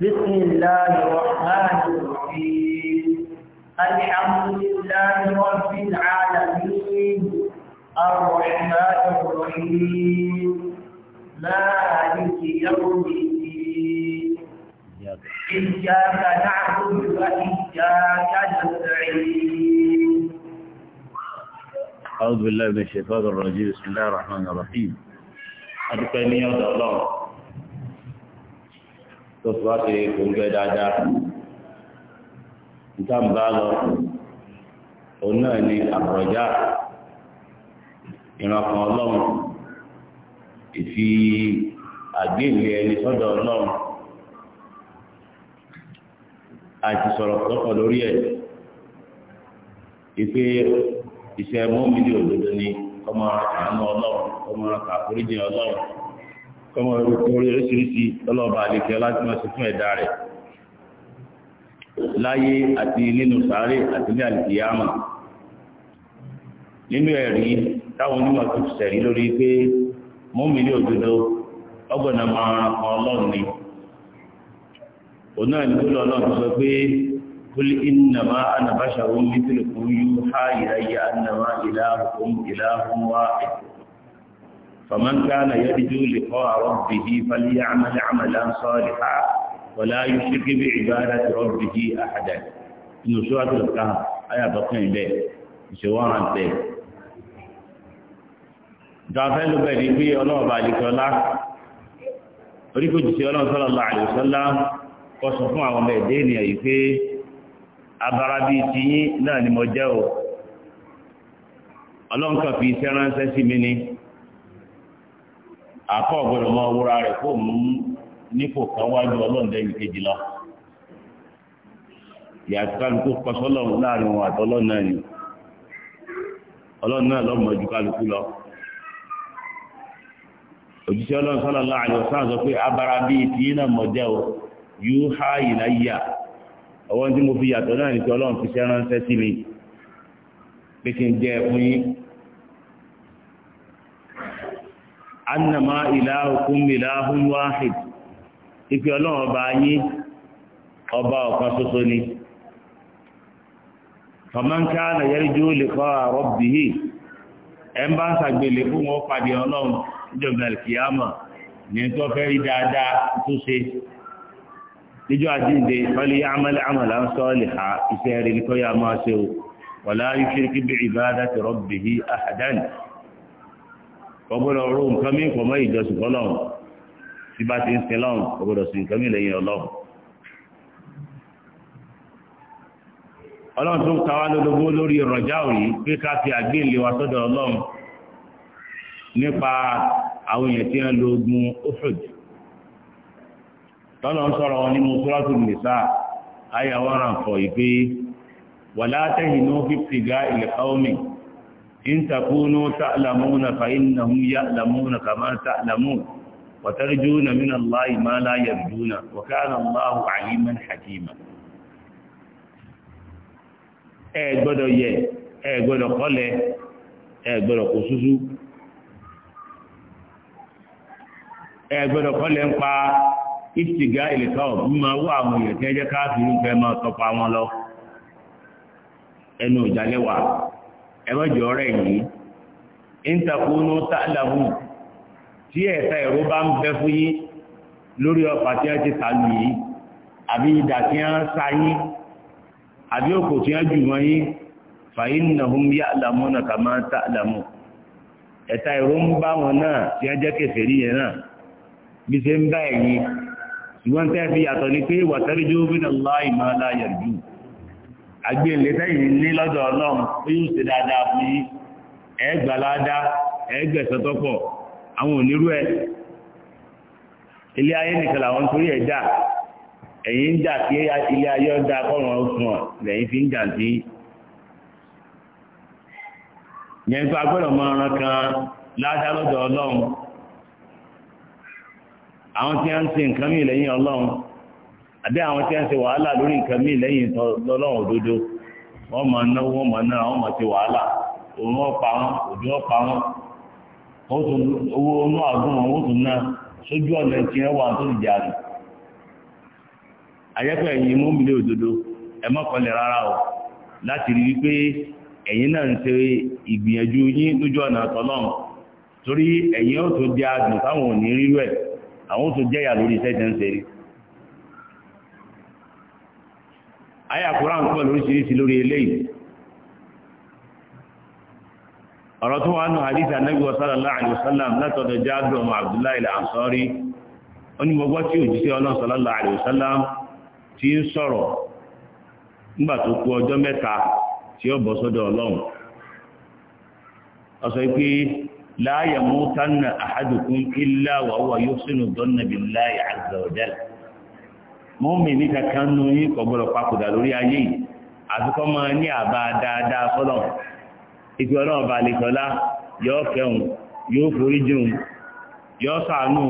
بسم الله الرحمن الرحيم الحمد لله رب العالمين الرحمن الرحيم مالك يوم الدين إياك نعبد وإياك نستعين أعوذ بالله من الشيطان الرجيم بسم الله الرحمن الرحيم أدعو الله tó fi wá ṣe òǹgbẹ dáadáa níta ń náà ni àkọjá ìrànkan ọlọ́run ìfi àgbéǹde ẹni sọ́dọ̀ ọlọ́run àti sọ̀rọ̀ tọ́kọ̀ lórí ẹ̀ ìpè iṣẹ́ mọ́mìnì ni kọ́mọ àánú ọlọ́run kọ́mọ àforíjì ọlọ́run. kọmọ orúkọ orí oríṣiríṣi ọlọ́ọ̀bà àlekẹ́ láti máa ṣe fún ẹ̀dá rẹ̀ láyé àti nínú sàárè àti ní àlìkìyàmà nínú ẹ̀rí táwọn onímọ̀ tó ṣẹ̀rí máa ran ọlọ́run ni òun náà ní kúlọ̀ ọlọ́run sọ فمن كان يرجو لقاء ربه فليعمل عملا صالحا ولا يشرك بعبادة ربه أحدا إن سورة الكهف آية بقين به سواء أنت dàfẹ́ ló bẹ̀rẹ̀ pé الله àlìkọ́lá oríkòjìsí ọlọ́run sallallahu alaihi wasallam kọ́ sọ fún àwọn ọmọ ẹ̀dẹ́ ènìyàn yìí pé abara bíi tiyín náà ni mo jẹ́ o ọlọ́run kan fi iṣẹ́ sí mi ni akọ́ ọ̀gbọ́dọ̀ mọ wúra rẹ̀ kó mú nípò kan wájú ọlọ́ọ̀dẹ́ yìí lọ. ìyàtọ̀ kálukú kọsọ́ lọ́run láàrin wọn àti ọlọ́run náà ni ọlọ́run lọ. òjíṣẹ́ ọlọ́run láàrin ọ̀sán pé abara bíi ti o há ọwọ́n tí mo fi yàtọ̀ náà ni ọlọ́run fi ṣẹ́ ránṣẹ́ sí mi pé kí n jẹ́ annama ilahukum ilahun wahid ìpè ọlọ́run ọba yín ọba ọ̀kan ṣoṣo ni faman kana yarju liqa rabbih ẹ̀ ń bá ń sàgbèlè fún wọn pàdé ọlọ́run níjọba ìkìyàmọ̀ ní tó fẹ́ rí dáadáa tó ṣe níjọ́ àjíǹde fali ya'mal 'amalan salihan ìṣẹ́ rẹ̀ ní kọ́ yà máa ṣe o wala yushrik bi'ibadati rabbih ahadan ọgbọ́dọ̀ ro nǹkan mí pọ̀ mọ́ ìjọsìn fọlọ́run tí bá ti ń sin lọ́run ọgbọ́dọ̀ sin nǹkan mí lẹ́yìn ọlọ́run. ọlọ́run tó ń ka wá lólobó lórí ìrọ̀jà òní pé ká fi àgbéǹlé wa sọ́dọ̀ ọlọ́run nípa àwọn èèyàn tí wọ́n lo ogun Uhud tọ́lọ̀ ń sọ̀rọ̀ wọn nínú sọ́rọ́tù nìsá ayé àwọn àǹfọ̀ yìí pé wàlá tẹ̀yìn ní ó fi tìgá ilẹ̀ káwọ́mì إن تكونوا تعلمون فإنهم يعلمون كما تعلمون وترجون من الله ما لا يرجون وكان الله عليما حكيما ẹ gbọ́dọ̀ yẹ ẹ gbọ́dọ̀ kọ́lẹ̀ ẹ gbọ́dọ̀ kò súsú ẹ gbọ́dọ̀ kọ́lẹ̀ ń pa ìtìgá ìlẹ̀kọ́ ọ̀bí máa wọ́ àwọn èèyàn tí káàkiri ń fẹ́ máa tọpa wọn lọ ẹnu ìjálẹ́wàá ẹmọ́jọ rẹ̀ yìí ìntàkùnú tààlàbù tí ẹ̀ta ẹ̀rọ bá ń bẹ fún yín lórí ọ̀pá tí wọ́n ti sàlù yìí àbí ìdà tí wọ́n sa yín àbí òkò tí wọ́n jù wọ́n yín fàyínnàhùn yá àlàmú náà kà máa tààlàmù ẹ̀ta ẹ̀rọ ń bá wọn náà tí wọ́n jẹ́ kèfèrí yẹn náà bí ṣe ń bá ẹ̀yìn ṣùgbọ́n tẹ́ fi yàtọ̀ ní pé wàtẹ́rìjú bí náà láì máa láyà jù àgbélé sẹ́yìn ní lọ́dọ̀ ọlọ́run ó ṣe dáadáa fún yín ẹgbàládá ẹgbẹ̀sọ́tọ́pọ̀ àwọn onírú ẹ ilé ayé nìkan torí ẹ̀ ẹ̀yìn ń jà sí ilé ayé kọ́rùn fi ń jà kan ládá lọ́dọ̀ ọlọ́run àwọn tí àbí àwọn tí ń ṣe wàhálà lórí nǹkan míì lẹ́yìn lọ́lọ́run òdodo wọ́n máa náwó wọ́n máa nára wọ́n máa ṣe wàhálà òun ọ̀pá wọn òdì ọ̀pá wọn owó inú àgùn wọn ó tún náà sójú ọ̀nà tí wọ́n wà tó dìjà rẹ̀ o láti rí wípé náà ń ìgbìyànjú yín lójú ọ̀nà torí di táwọn àwọn ó tún lórí iṣẹ́ ayé àkúrà ń pọ̀ lóríṣiríṣi lórí eléyìí ọ̀rọ̀ tó wà nù hadith anabi sallallahu alaihi wasallam látọ̀dọ̀ jáàdù ọmọ abdullahi al-ansari onímọ̀gbọ́ tí òjíṣẹ́ ọlọ́run sallallahu alaihi wasallam ti ń sọ̀rọ̀ nígbà tó kù ọjọ́ mẹ́ta tí ó bọ̀ sọ́dọ̀ ọlọ́run ó sọ pé la yamutanna ahadukum mọ́mì ní kankan nu yín kò gbọ́dọ̀ papòdà lórí ayé yìí àfikọ́ máa ní àbá dáadáa fọ́lọ̀ ìfi ọlọ́run bá lè tọ́lá yóò kẹ́hùn yóò forí jùn yóò sàánú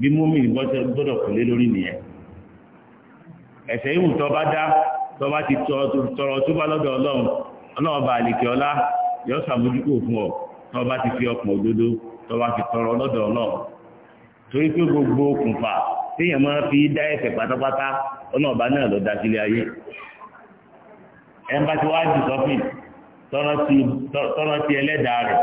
bí mọ́mì gbọ́dọ̀ kò lé lórí nìyẹn ẹ̀sẹ̀ ìwù tó bá dá tó bá ti tọrọ tó bá lọ́dọ̀ ọlọ́run ọlọ́run bá lè tọ́lá yóò sàmójúkò téèyàn máa fi dá ẹ̀fẹ̀ pátápátá ọlọ́ọ̀bá náà lọ da sílé ayé ẹnba tí jù sọ́fìn ti ẹlẹ́dàá rẹ̀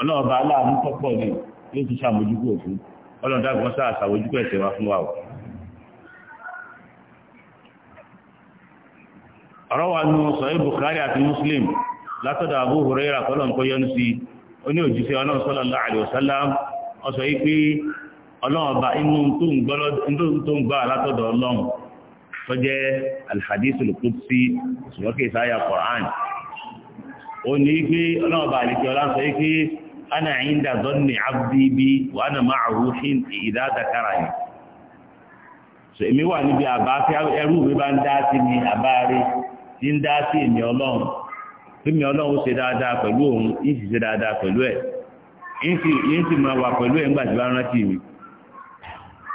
ọlọ́ọ̀bá aláàánú yóò ti ṣàmójúkú òfin ọlọ́ọ̀dá kan sáà ṣàmójúkú ẹ̀ṣẹ̀ wa fún wa o. ọ̀rọ̀ wa nu Muslim látọ̀dọ̀ Abu yọ́nu sí i ó ní ọlọ́run ọlọ́ọ̀bá inú tó ń gbọ́ látọ̀dọ̀ ọlọ́run tó jẹ́ alhadis qudsi ṣùgbọ́n ìsáyà Qur'an ó ní pé ọlọ́ọ̀bá ana inda wa so wà níbi àbá mi bá ń dá sí tí ń dá sí ọlọ́run tí mi ọlọ́run ṣe dáadáa pẹ̀lú òun dáadáa pẹ̀lú ẹ̀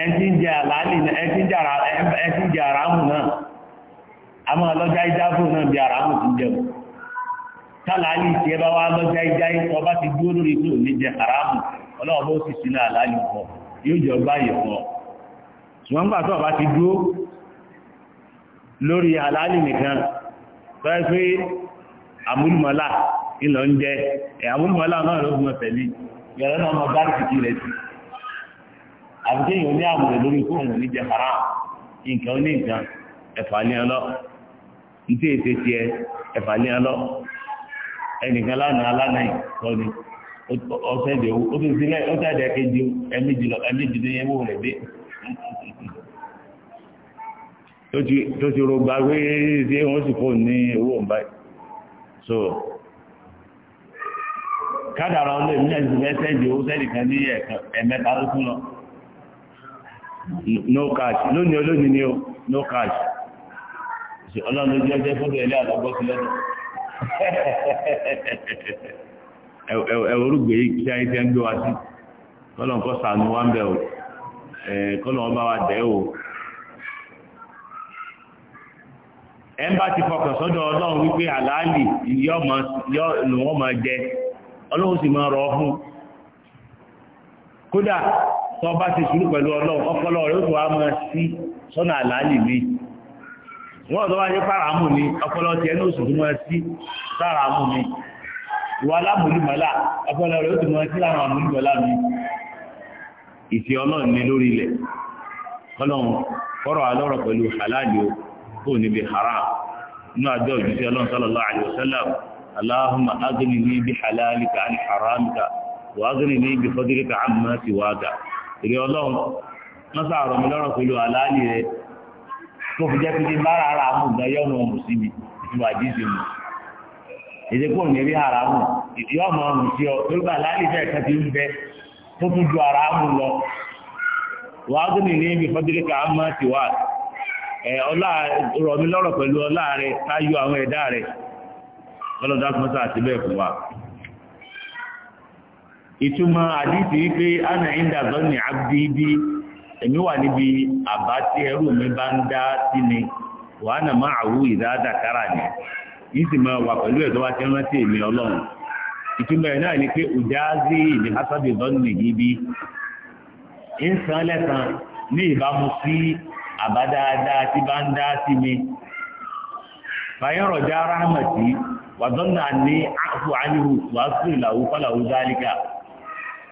ẹtí ń jẹ àlàálì náà ẹtí ń jẹ àràmù náà a máa ìjábò náà bí àràmù ti jẹun tálàálì tí ẹ bá wá lọ́jà ìjá ìtọ́ bá ti dúró lórí pé òní jẹ àràmù ọlọ́wọ́ bó sì sínú àlàálì pọ̀ jọ pọ̀ ṣùgbọ́n gbà tó ọba ti dúró lórí àlàálì nìkan pé àmúlùmọ́lá àmúlùmọ́lá náà ọ tẹ̀lé ìyàrá náà mọ àbíké yìí ó ní àmúlò lórí kó òun ní nǹkan ó ní nǹkan ẹ̀fà ní ọlọ́ ntí ètè tiẹ̀ ẹ̀fà ní ọlọ́ ẹnìkan lánàá lánàá sọ́ni ọ̀sẹ̀dẹ̀ owó ó tún sílẹ̀ ó yẹn wò rẹ̀ dé tó ti ṣé wọ́n sì ní owó so no cash lónìí ni no cash ọlọ́run ló jẹ́ fọ́dọ̀ àtọ́gbọ́ sí lọ́dọ̀ ẹ̀wọ̀rúgbé tẹ́ ń gbé wa sí kọ́lọ̀ sànú ń bẹ̀ o kọ́lọ̀ bá wa o ẹ̀ ń bá ti sọ́dọ̀ ọlọ́run wípé àlàálì yọ́ máa jẹ ọlọ́run sì máa tó bá ti sùúrù pẹ̀lú ọlọ́run ọpọlọ rẹ̀ ó tó wá máa sí sọ́nà àlàálì mi wọ́n bá ṣe fáramù ni ọpọlọ tiẹ̀ ní máa sí fáramù mi ìwà alámùlùmọ́lá ọpọlọ rẹ̀ ó tó máa sí láwọn àmúlùmọ́lá mi ìfẹ́ ọlọ́run lórí ilẹ̀ ọlọ́run alọ́rọ̀ pẹ̀lú kò níbi alaihi èrè ọlọ́run wọ́n sàrọ̀ mi lọ́rọ̀ pẹ̀lú àlàálì rẹ̀ tó fi jẹ́ pé ní bára ara mú gan yọ̀ ọ̀nà ọ̀hún sí mi ìtumọ̀ àdìsí mu èdè kò ní rí haramu ìdí ọmọ ọrùn sí ọ lórúkọ àlàálì fẹ́ẹ̀ kan ti ń bẹ tó tún ju haramu lọ wàá gbé nìyí mi fọdúríkà ti wà ẹ ọlá mi lọ́rọ̀ pẹ̀lú ọlá rẹ̀ ká yọ àwọn ẹ̀dá rẹ̀ kan bẹ́ẹ̀ fún wa. ìtumọ̀ àdìsí wípé ana inda zọ́nì abdíbí èmi wà níbi àbá tí ẹrú mi bá ń dá sí ni wàá nà má àwú ìdáadà kára ni yìí sì máa wà pẹ̀lú ẹ̀ tó bá ti rántí èmi ọlọ́run ìtumọ̀ ẹ̀ náà ni pé òjáàzí ìdí hasabi zọ́nì níbi ń san lẹ́sàn ní ìbámu sí àbá tí bá ń dá sí mi fàyẹ̀rọ̀ já ráhàmàtì wà àfọ̀ àníhù wàásù ìlàwó fọlàwó dálíkà.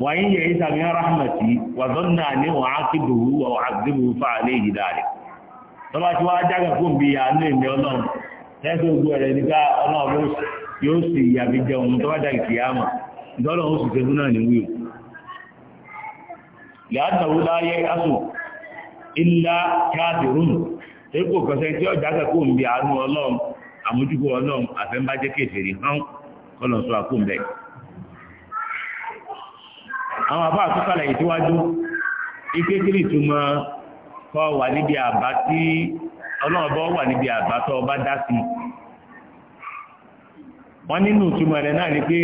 وإن يئس من رحمتي وظن أني أعاقبه وأعذبه فعليه ذلك tọ́ba tí wàá jágà fún bí àánú ìní ọlọ́run lẹ́sẹ̀ ogun ẹ̀rẹ́ nígbà ọlọ́run yóò sì yàbí jẹun tọ́ba jágà kì í àmọ̀ oṣù tẹ́gún náà ní wíwò. yàtọ̀ wọ́n láyé aṣọ ilá tí kò tí ọjà kà fún bí ọlọ́run ọlọ́run àfẹ́ńbájẹ́ hàn àwọn àbá àtúkàlẹ̀ ìtíwájú ike kiri ìtumọ̀ kọ́ wà níbi àbá tí ọlọ́ọ̀bọ wà níbi àbá tó ọba dá sí wọ́n nínú ìtumọ̀ rẹ̀ náà ni pé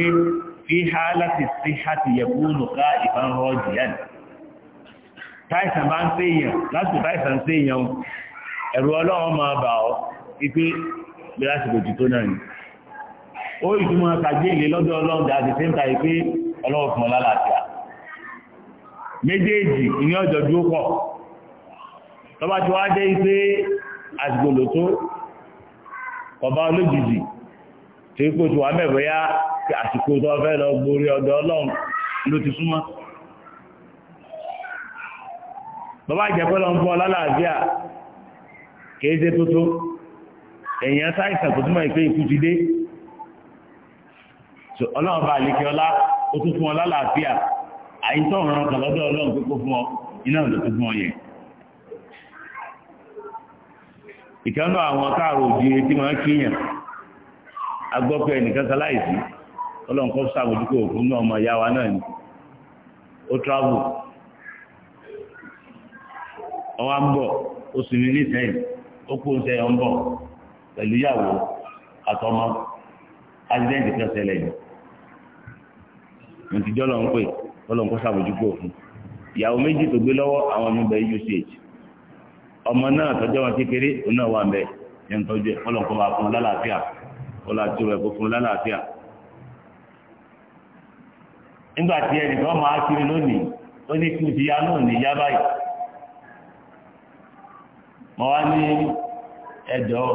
fi ha láti sí ha ti yẹ kú nùká ìbánrọ̀ jìyàn táìsàn bá ń séèyàn ó ìtumọ̀ kàgbé ìlé lọ́dọ̀ ọlọ́run dà sí sẹ́ńtà yìí pé ọlọ́run fún ọ méjèèjì ní ọjọ́ dúó pọ̀ tọba tí wá jẹ́ ipé àsìgbòlò tó ọba olójijì tí kò tí wà mẹ́bẹ̀yà àsìkò tó fẹ́ lọ gborí ọ̀dọ̀ ọlọ́run ló ti súnmọ́ bàbá ìjẹ́pẹ́lọ ń fún ọlálàáfíà kéèzé tó tó èèyàn sáìsàn tó túnmọ̀ ìpé ikú ti dé ọlọ́run bá àlékẹ́ ọlá ó tún fún ọlálàáfíà àìsàn ọ̀ràn ọ̀kan lọ́dọ̀ ọlọ́run tó fún ọ iná ló fún àwọn káàrò tí wọ́n kíyàn agbọ́pẹ́ ẹnìkan sáláìsí ọlọ́run kọ́ sàmójúkò òkú náà ọmọ ìyá wa náà ni travel ọwá ń bọ̀ ó sì ní ó ń bọ̀ pẹ̀lú ìyàwó ọlọ́run kó sàbójúkú òfin ìyàwó méjì tó gbé lọ́wọ́ àwọn ọmọ ibẹ̀ uch ọmọ náà tọ́jọ́ wọn kékeré òun náà wà ń bẹ ẹni tọ́jú ẹ̀ ọlọ́run kó máa fún un lálàáfíà ọlọ́ àti rẹ̀ kó fún un lálàáfíà. nígbà tí ẹnìkan máa kiri lónìí ó ní kí n ti ya náà ní yá báyìí mo wá ní ẹ̀dọ́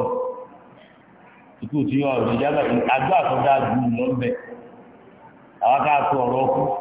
ikú tí wọn ò ní yá báyìí àgbà tó dáa ju lọ́nbẹ̀ àwọn ká kó ọ̀rọ̀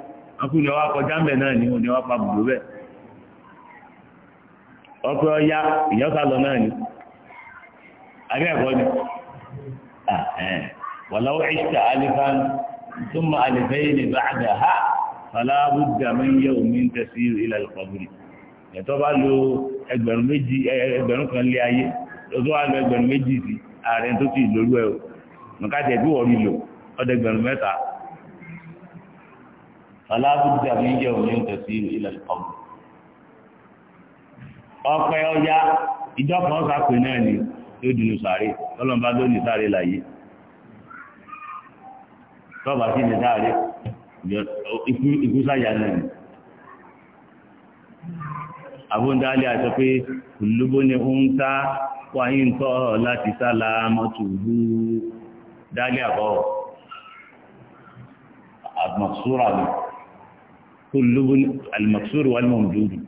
ọkù ọwá kọjá ń náà ni òní pa bùdó bẹ̀ ọkọ̀ ọya ìyọ́sà lọ náà ni àbí ẹ̀kọ́ ni wàláwọ́ ìṣà alifan túnmọ̀ alifẹ́yìn ní bàdà ha fàlábùdà mi yẹ omi ń ilẹ̀ ẹ̀tọ́ bá lo ẹgbẹ̀rún kan lé ayé lọ́tọ́ wá lo ẹgbẹ̀rún méjì sí ààrẹ tó ti ẹ̀ o nǹkan tẹ̀ bí wọ́n rí lò ọlábùdà mi yẹ òní ìtọ̀sí ilẹ̀ ọ̀gbọ̀n. ọpẹ́ ọya ìjọpọ̀ ọ̀sàpè náà ni yóò dùnú sàárè tọ́lọ́mbà ló ní sàárè láyé tọ́ba sí ní sàárè ikú sáyà náà ni. àbúndálé àti pé olúbó ni ó ń ta ń tọ́ láti sálà mọ́tò bú dálé àbọ̀ كل المكسور والممدود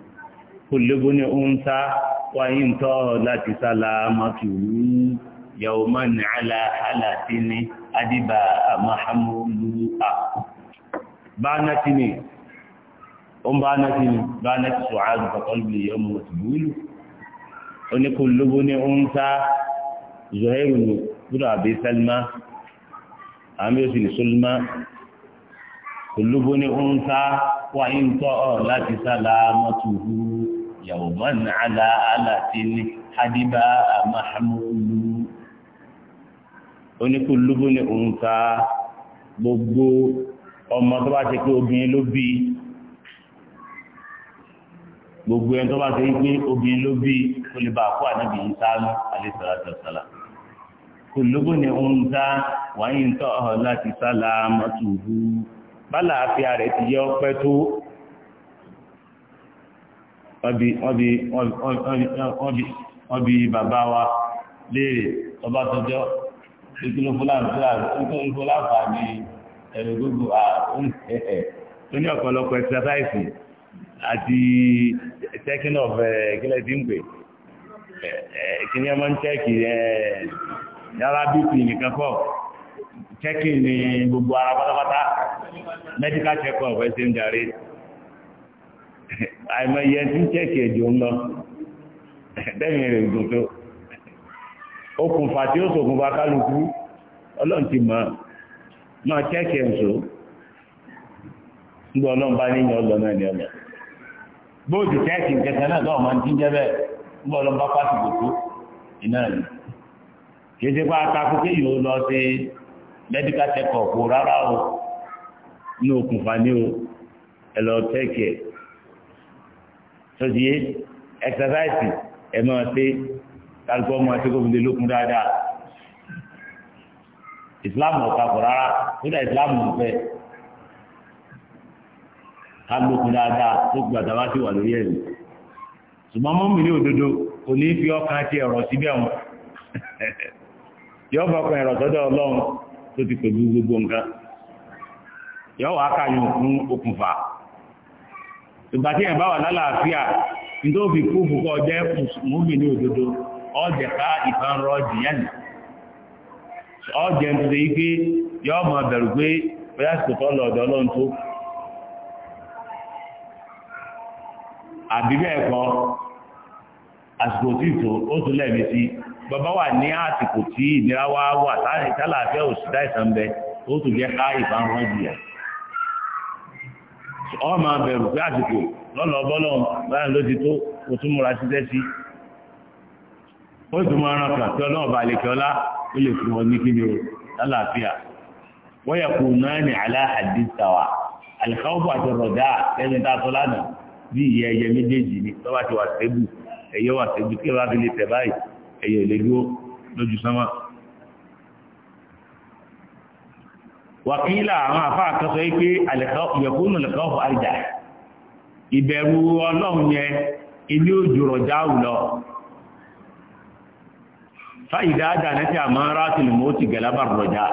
كل ابن أنثى وإن طالت سلامته يوما على حالة أدباء محمولا بانتني أم بانتني بانت سعاد فقلبي يوم مسبول أن كل ابن أنثى زهير بن أبي سلمى عامر بن سلمى كل ابن أنثى wà ń tọ́ ọ láti sálámọ́ tuhu yàwó mọ́nà àlà àlàtí ní hadibá àmàhàmúlù oníkùlùbù ní òǹkà gbogbo ọmọ tó bá ti pé obìnrin ló bí gbogbo ẹni tó bá ti pé obìnrin ló bí kó lè bá kó ànábì yìí sáánú alayhi salatu wassalam òǹkà wà ń tọ́ ọ láti sálámọ́ tuhu bala bálàáfíà rẹ̀ ti yẹ ọpẹ́ tó wọ́n bí bàbá wa léèrè ọba tọjọ́ ìkìlò fúláfà ní ẹ̀rọ gbogbo tó ní ọ̀pọ̀lọpọ̀ exercise àti checking of eh, kílẹ̀ tí ń pè eh, eh, kíní ọmọ ń yàrá bp nìkan kọ́ checking ni gbogbo ara pátápátá medical check-up ẹsẹ̀ ń darí iye tí ń chẹ́kì ẹ̀jọ̀ ń lọ dẹ́yìn rẹ̀ okùnfà tí ó ṣokùnfà kálukú ọlọ́run ti mọ̀ náà chẹ́kì ẹ̀ǹso nígbà ọlọ́run bá níyàn ọlọ́ náà ni ọlọ́ bóòdù náà lọ́wọ́ máa ń bá pàṣẹ iná rẹ̀ medical check-up rárá o. ní okùnfà ní o ẹ̀lọ́ tẹ́kẹ̀ sọ́jí ẹ̀ksásáìsì ẹ̀ máa ṣe kálukọ́ máa ṣe kófìlẹ̀ lókun dáadáa ìsìláàmù ọ̀ka kọ̀ rárá kódà ìsìláàmù ọ̀fẹ́ kálukọ́ dáadáa tó gbàdá wá sí wà lórí ẹ̀rí ṣùgbọ́n mọ́mí ní òdodo kò ní fi ọkàn ti ẹ̀rọ síbẹ̀ wọn yọ ọkàn ẹ̀rọ sọ́dọ̀ ọlọ́run tó ti pẹ̀lú gbogbo nǹkan yọọ wà káyùn fún okùnfà ìgbà tí wà lálàáfíà tó fi kú fúkọ́ jẹ́ múmi ní òdodo ọjẹ̀ ká ìfàn rọ jìyàn ọjẹ̀ tó ṣe ike yọ mọ̀ bẹ̀rù pé bẹ́ẹ̀ sì tọ́ lọ́dọ̀ àbí bẹ́ẹ̀ kọ́ àsìkò bàbá ní àsìkò tí ìnira wà tálàáfíà òṣìṣẹ́ ìsànbẹ ó tún jẹ́ ká ìfàn rọ jìyàn ọmọ abẹ̀rù pé àsìkò lọ́nà ọbọ́lọ́ báyìí ló ti tó o tún múra ṣiṣẹ́ sí ó sì mọ ẹran kan tí ọlọ́run bá lè kíọ́lá ó lè fún wọn ní kí ni o lálàáfíà wọ́n yẹ kó náà ní aláhàdí tàwa àlìkáwọ́bù àti rọ̀dá lẹ́yìn tá a sọ lánàá bí ìyẹ́ ẹyẹ méjèèjì ni tọ́wọ́ ti wà sẹ́bù ẹ̀yẹ wà sẹ́bù kí ẹ bá fi lè tẹ̀ báyìí ẹ̀yẹ lè dúró lójú sánmà wàkílà àwọn àfáà kan sọ pé yẹ̀kúnù lẹ́kọ̀ọ́fù ìbẹ̀rù ọlọ́run yẹn ilé òjò lọ Fa dáná tí a máa rá ti Rọja.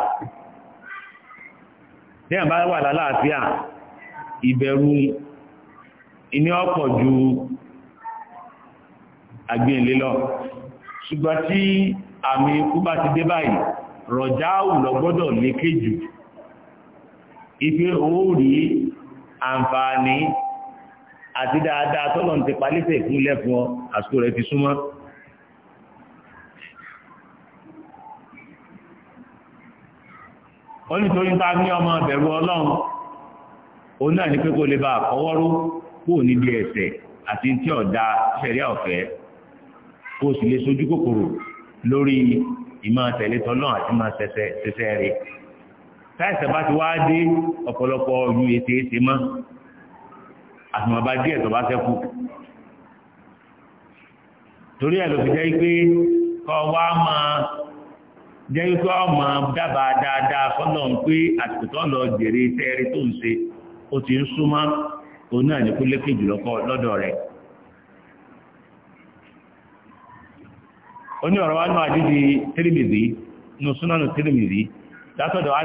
tí a bá wà lálàáfíà ìbẹ̀rù iní ju tí àmì ikú bá ti dé báyìí rọ̀já lọ gbọ́dọ̀ ife owó rí àǹfààní àti dáadáa tọ́lọ̀ ti palẹ́sẹ̀ ìpínlẹ̀ fún ọ àsìkò rẹ̀ fi súnmọ́ ó ní torí ta ní ọmọ bẹ̀rù ọlọ́run òun náà ní pé kó lè bá àkọwọ́rú kó níbi ẹ̀ṣẹ̀ àti tí ọ̀dà ṣẹ̀ríà ọ̀fẹ́ kó sì lè sojú kòkòrò lórí ìmọ̀ tẹ̀lé tọ́lọ́ àti ìmọ̀ ṣẹṣẹ rẹ̀. táìsẹ̀ bá ti wá dé ọ̀pọ̀lọpọ̀ ọ̀yún ètè ètè mọ́ àtùmọ̀bá díẹ̀ tó bá tẹ́kù torí ẹ̀lò fi jẹ́ pé kọ́ wá jẹ́ ọ dábàá dáadáa fọ́nà ń pé àtìkùtọ́ lọ jèrè tó ń ó ti ń súnmọ́ ní súnánù látọ̀dọ̀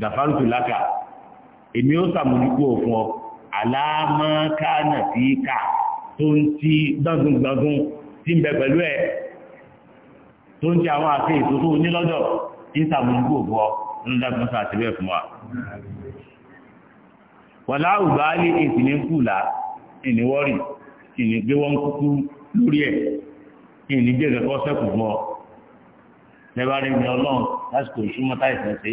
gàfárùtù lákà èmi ó sàmójúkú òfin ọ aláàmọ́kánà sí ká tó ń ti gbọ́ngbọ́ngbọ́n tí ń bẹ pẹ̀lú ẹ̀ tó ń ti àwọn àti ètò tó ní lọ́dọ̀ tí ń sàmójúkú òfin ọ nínú dágbọ́n sá àti bẹ́ẹ̀ fún wa wà láwùgbà lè èsì ní kùlà ìníwọ́rì ìní gbé wọn kúkú lórí ẹ̀ ìní jẹ́ kẹ́kọ́ sẹ́kù fún ọ lẹ́bàá rí mi ọlọ́run lásìkò ìṣúmọ́tà ìfẹ́ sí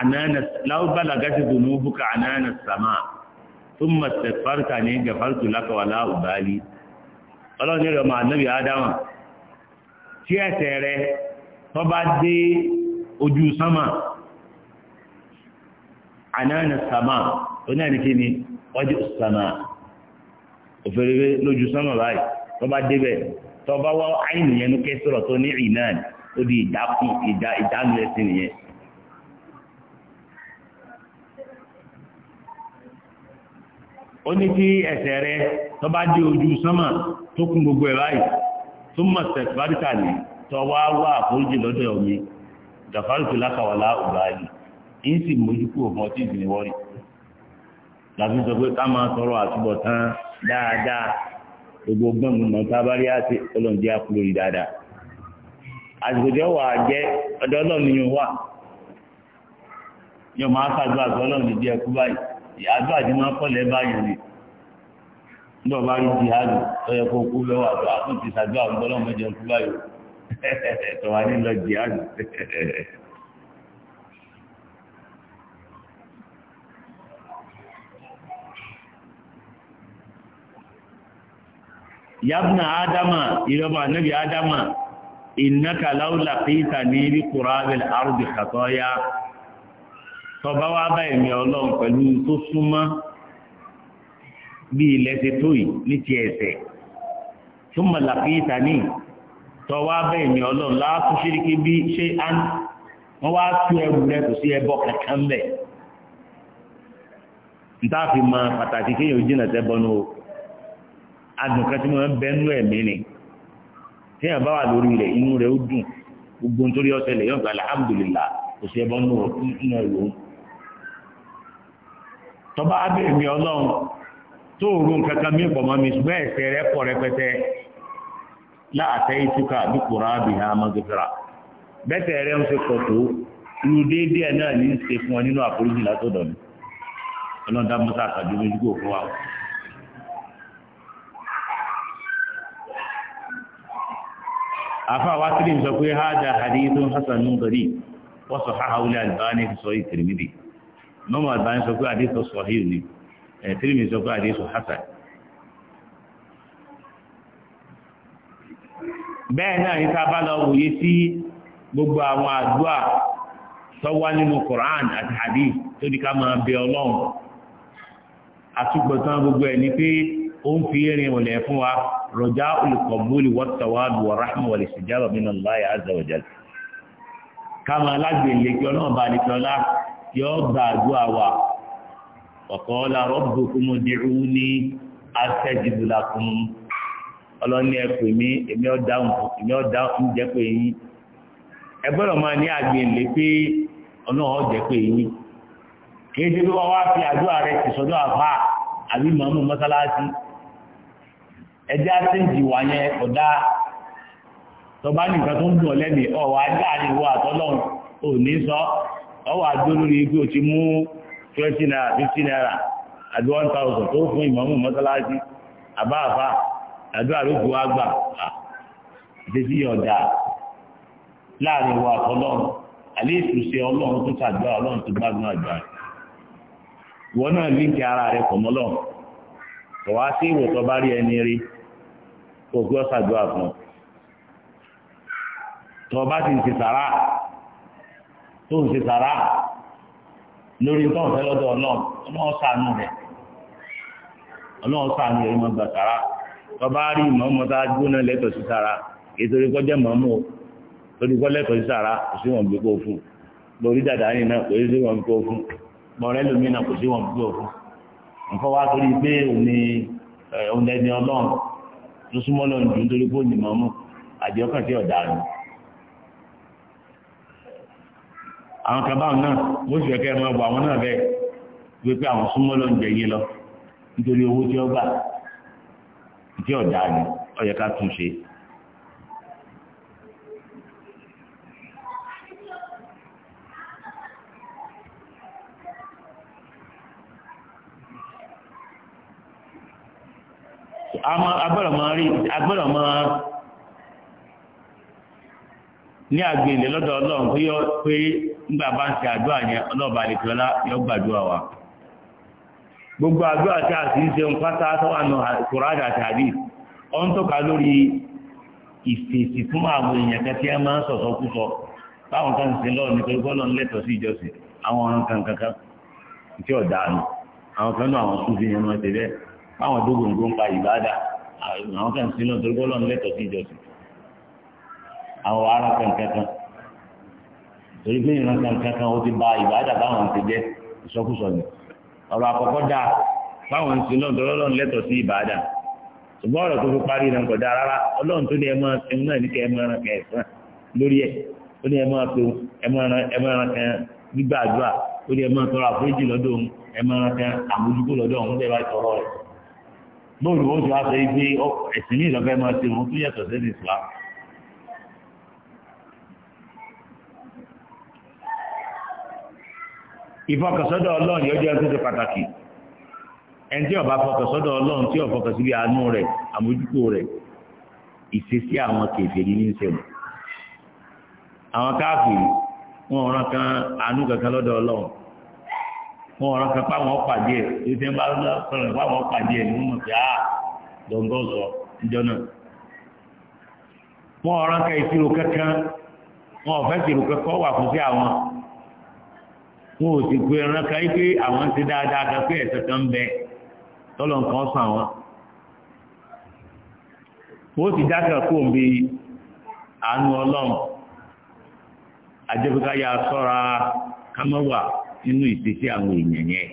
ananas law balagati dhunubuka ananas sama thumma istaghfarta ni ghafartu laka wala ubali ọlọ́run yẹ̀rọ ọmọ ànábì ádámà tí ẹ̀ṣẹ̀ rẹ tó bá dé ojú sánmà ananas sama oní ẹnikí ni wájú sánmà òfèrè lójú sánmà báyìí tó bá débẹ̀ tó bá wá àìníyẹnú kẹsìrọ̀ tó ní ìnáà ó di ìdákùn ìdánilẹ́sìn nìyẹn ó ní kí ẹsẹ̀ rẹ tó bá ojú sánmà tó gbogbo ẹ̀ báyìí tó mọ̀ tẹ̀síwájúta ní tó wá wá àforíjì lọ́dọ̀ omi gàfárùkù lákàwọlá ọ̀gá ń sì mójú kú òfin ìdìní wọ́rì làbí sọ pé ká máa tọrọ àtúbọ̀tán dáadáa gbogbo náà tá a bá rí àti dáadáa wà jẹ́ wà yóò máa àdó àdìmọ́ akọ́lẹ̀ báyìí ni ní ọba rí jihadu ọyọ kó kú lọ́wọ́ àtọ àtún ti sàdó àwọn ọgbọ́n mẹ́jọ kú báyìí tọ́wá ní lọ jihadu. yabna adama ìrọba nabi adama innaka laula qita ni bi qurabil ardi khatoya tọba wá bá ẹ̀mí ọlọ́run pẹ̀lú tó súnmọ́ bí ilẹ̀ ṣe tó yìí ní ti ẹ̀sẹ̀ tó mọ̀ làkì ìtàní bá ẹ̀mí ọlọ́run láàtú ṣíríkí bí ṣé án wọ́n wá tú ẹrù rẹ kò sí ẹbọ kankan bẹ̀ níta fi mọ pàtàkì kéèyàn ni bá wà lórí inú ó dùn gbogbo nítorí yọ̀ǹgbà kò sí tọba abẹ́mi ọlọ́run tó òórùn kankan mí pọ̀ mọ́ mi ṣùgbọ́n ẹ̀ṣẹ̀ rẹ pọ̀ rẹpẹtẹ láàtẹ́ ìtúkà bí àbìhá mọ́gẹ́fẹ́ra bẹ́tẹ̀ rẹ ń ṣe pọ̀ tó irú déédéé náà ní í ṣe fún ọ nínú àforíjì látọ̀dọ̀ mi mọ́tà àkàdé fún wa. wa sọ pé sọ ìtìrìmìdì nọ́mọ̀ àgbáyé sọ pé àdísọ sọ̀híù ni ẹ̀tírìmì eh, sọ pé àdísọ hasan bẹ́ẹ̀ náà ní sábà lọ wòye sí gbogbo àwọn àdúà tó wà nínú Quran àti hadith tó ní ká máa bẹ ọlọ́run àtúgbọ̀tán gbogbo ẹ̀ ni pé ó ń fi irin ìwọ̀lẹ̀ fún wa rọjá olùkọ̀múlì wọ́tàwádù wà ráhùn wà lè ṣèjábà láyé azza ká máa lágbèlè kí ọlọ́run bá nìkan lá yóò gba àdúrà wa ọ̀kọ́ọ́lá ní asẹ́jìbìlà kúmú ọlọ́ni ẹ pè mí èmi èmi ọ̀dà ń pé yín máa ní àgbìnlé pé ọ̀nà ọ̀ pé yín kí ẹjẹ́ bí wọ́n wá fi àdúrà rẹ̀ ti sọ́dọ̀ àfà àbí màmú mọ́sálásí ẹjẹ́ àtẹ́jì wà yẹn nìkan tó ń dùn àtọ́lọ́run ò ní ọwọ́ àjọ lórí pé o ti mú twenty naira fifty naira àbí one thousand tó fún ìmọ̀mú mọ́sálásí àbáàfà àdúrà ló fún wa ọ̀dà láàrin wa ọlọ́run àlẹ́ ìtúnṣe ọlọ́run tó ṣàdúrà ọlọ́run tó gbàgbọ́ àgbà ìwọ ara rẹ pọ̀ mọ́lọ́run kò wá sí ìwòsàn bá rí ẹni rí kò gbọ́ fún tó ń ṣe sàrà lórí tó ń fẹ́ lọ́dọ̀ ọlọ́run ọlọ́run sànù rẹ̀ ọlọ́run sànù rẹ̀ ìmọ̀ sàrà tọba rí ìmọ̀ọ́mọ́ tá a gbóná lẹ́tọ̀ sí sàrà mọ̀ọ́mọ́ lórí kọ́ lẹ́tọ̀ sí sàrà kò sí wọn fún lórí yìí náà kò sí wọn fún lómi náà kò sí wọn fún torí pé òní ọlọ́run àwọn kan báwọn náà mo sì fẹ́ kẹ́ ẹ máa bọ̀ àwọn náà bẹ́ẹ̀ wí pé àwọn súnmọ́ ló ń jẹ yín lọ nítorí owó tí ó gbà tí ọ̀dà ni ó ká tún ṣe. àmọ́ agbọ́dọ̀ máa rí agbọ́dọ̀ máa. ní àgbèlè lọ́dọ̀ ọlọ́run pé yọ pé ńgbà bá ń ṣe àdúrà yẹn ọlọ́ọ̀bà lè yọ wa gbogbo àdúrà tí a sì ń ṣe ń pátá kùrádà tàbí ọ́n tọ́ka lórí ìfèsì fún àwọn èèyàn tí máa ń sọ̀sọ́ kú sọ báwọn kan lọ́ọ̀ bọ́ọ̀lù sí ìjọsìn àwọn tí ọ̀dà àwọn kan náà àwọn súnfì yẹn máa àwọn ará kankankan torí pé ìran kankankan ó ti ba ìbáàdà báwọn ti jẹ ìsọkúsọ ni ọ̀rọ̀ àkọ́kọ́ dáa báwọn ń sin náà tọ́lọ́ lọ́n lẹ́tọ̀ọ́ sí ìbáàdà ṣùgbọ́n ọ̀rọ̀ tó fi parí náà kò dáa rárá ọlọ́run tó ní ẹ máa ẹmu náà ní kẹ ẹ máa ran kẹ ẹ̀sán lórí ẹ ó ní ẹ máa pe ẹ máa ran kẹ gbígbà àdúrà ó ní ẹ máa tọrọ àforíjì lọ́dọ̀ òun ẹ máa ran àmójúkú lọ́dọ̀ òun bóòlù ó ti wá sọ ibi ẹ̀sìn ní ìlọ́fẹ́ ti òun tó yàtọ̀ sẹ́ni ìsìlámù ìfọkànsọ́dọ̀ ọlọ́run yóò jẹ́ tó ṣe pàtàkì ẹni tí ó bá fọkànsọ́dọ̀ ọlọ́run tí ó fọkàn síbi àánú rẹ̀ àmójútó rẹ̀ ìṣesí àwọn kèfèrí ní sẹ́wọ̀n àwọn káàfìrí wọn ọ̀ràn kan àánú kankan lọ́dọ̀ ọlọ́run wọn ọ̀ràn kan páwọn pàdé ẹ̀ èyí tí wọ́n bá sọ̀rọ̀ páwọn pàdé ẹ̀ ní wọ́n mọ̀ pé á ah, dọ̀ngọ́ sọ níjọ́ náà wọn ọ̀ràn kan ìṣirò kankan wọn ọ̀fẹ́ ìṣirò kankan wà fún sí àwọn wọn ò sì pe ẹran awọn pé àwọn ti dáadáa kan pé kan ń bẹ tọ́lọ̀ nǹkan sàn wọn. ti dákẹ́ kó ń ọlọm àánú ọlọ́run àjẹbíká yà sọ́ra nínú ìṣesí àwọn èèyàn yẹn.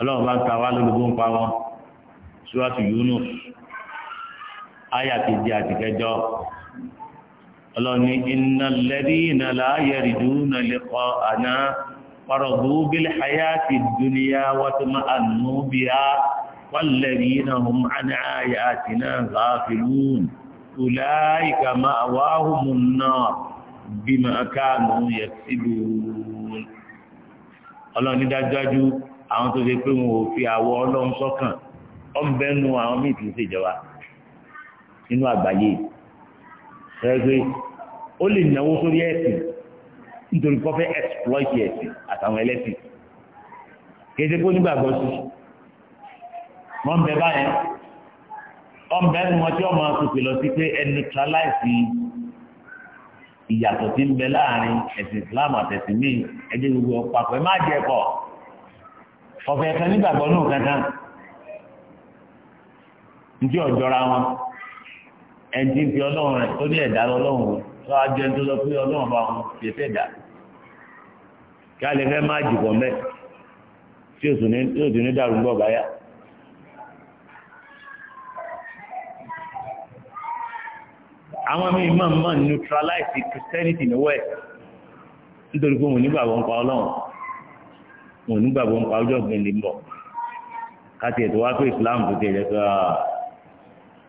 ọlọ́run bá ń ta wá lólobó ń pa wọn kẹjọ. ọlọ́ni iná lẹ́rí iná láàyè rìdú na lè kọ́ àná farọ̀dú bílẹ̀ ayá ti dúníyà wọ́tí ma ànú bí a wọ́lẹ̀rí iná hùm àná ayá àti náà gáfìlún tùlá ìkà máa wáhùmù náà bí máa káànù yẹ sílù ọlọ́ni dájúdájú àwọn tó ṣe pé wọn ò fi àwọ̀ ọlọ́run sọ́kàn ọ̀nbẹ́nu àwọn míì kì í ṣèjọba nínú àgbáyé yìí ẹgbẹ́ ó lè náwó sórí ẹ̀sìn nítorí kọ́ fẹ́ exploit ẹ̀sìn àtàwọn ẹlẹ́sìn kì í ṣe kó nígbàgbọ́ sí wọ́n bẹ báyẹn wọ́n bẹ ẹnu wọn tí wọ́n máa tètè lọ sí pé ẹ neutralize ìyàtọ̀ tí ń bẹ láàrin ẹ̀sìn Islam àtẹ̀sìn míì ẹgbẹ́ gbogbo ọ̀pọ̀ ẹ má jẹ pọ̀ ọ̀fẹ́ ẹ̀ka nígbàgbọ́ náà kankan ntí ọ̀jọ́ra wọn ẹni tí ń fi ọlọ́run rẹ̀ tó ní ẹ̀dá lọ́lọ́run o tó a jẹun tó lọ pé ọlọ́run bá wọn fi ẹ̀fẹ́ dà kí a lè fẹ́ má jùbọ̀ mẹ́ tí o sì ní dàrú gbọ́ báyà. àwọn míì máa ń máa neutralize Christianity ní west nítorí pé wọn nígbàgbọ́ ń pa ọlọ́run wọn nígbàgbọ́ ń pa ọjọ́ ìgbìn lè ń bọ̀ káti ẹ̀ tó wá pé Islam tó tẹ̀lé sọ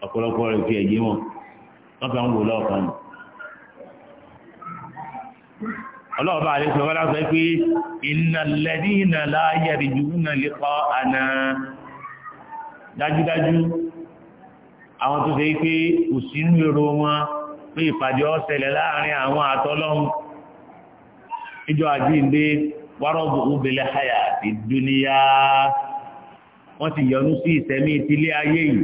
ọ̀pọ̀lọpọ̀ rẹ̀ fi ẹ̀yẹ wọn wọ́n kàn ń wò lọ́ọ̀kan nù. ọlọ́ọ̀bá àlejò ọlá sọ pé ìnàlẹ́dí ìnàlá ayẹ̀rì jù ń nàlẹ́ kọ́ àná dájúdájú àwọn tó fẹ́ pé kò sínú èrò wọn pé ìpàdé ọ̀sẹ̀lẹ̀ láàrin àwọn àtọ́lọ́hún ìjọ àjíǹde wárọ̀bù obìnrin àyà àti dúníyà wọ́n ti yọnu sí ìsẹ̀mí ìtìlẹ̀ ayé yìí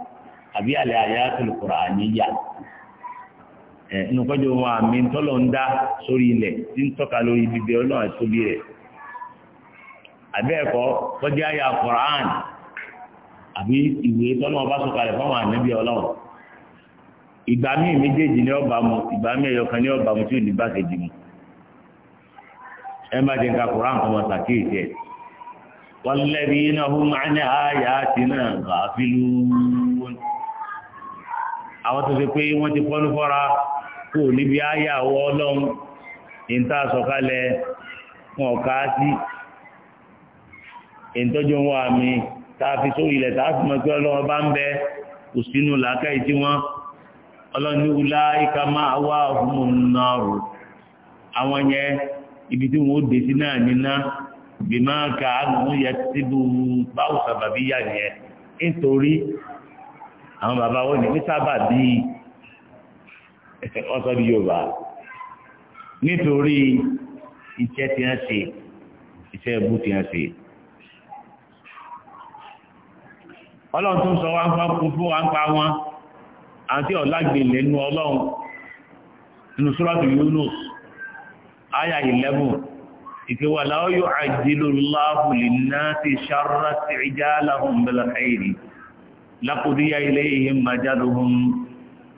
àbí àlẹ́ àyàtul Qur'aniyya inú kọjọ wọn àmì tọ́lọ̀ ń dá sórí ilẹ̀ tí ń tọ́ka lórí bíbẹ̀ ọlọ́run tóbi rẹ̀ àbẹ́ẹ̀kọ́ kọjá àyà Qur'an àbí ìwé tọ́lọ̀ bá sọ̀kalẹ̀ fáwọn ànábì ìgbà méjèèjì ní ọba mu ìgbà ẹyọkan ní ọba mu tí ò ní bá kejì mu ẹ má jẹ wọn ẹ̀ wal ladhina àwọn tó ṣe pé wọ́n ti pọ́nú fọ́ra kò níbi áyàwó ọlọ́run ìta sọ̀kalẹ̀ fún ọ̀ká sí ìtọ́jú wọn àmì tààfi sórí ilẹ̀ tààfi mọ̀ pé ọlọ́run bá ń bẹ kò sínú làákàyè tí wọ́n ọlọ́ni wula ika máa wá ọ̀hún náà rò àwọn yẹn àwọn bàbá wọn ní sábà bí ọsọ bí Yorùbá nítorí iṣẹ́ tí wọ́n ṣe iṣẹ́ ẹbú tí wọ́n ṣe. Ọlọ́run tó ń sọ wá ń fa kún fún wa ń pa wọn àti ọ̀lágbèlè nínú Ọlọ́run nínú Suratu Yunus aya 11 ìpéwà láwọ́ yóò láàbùlì náà ti ṣàrọ́sì ìjá láhùn bẹ̀lẹ̀ ẹ̀rì. لقضي إليهم مجلهم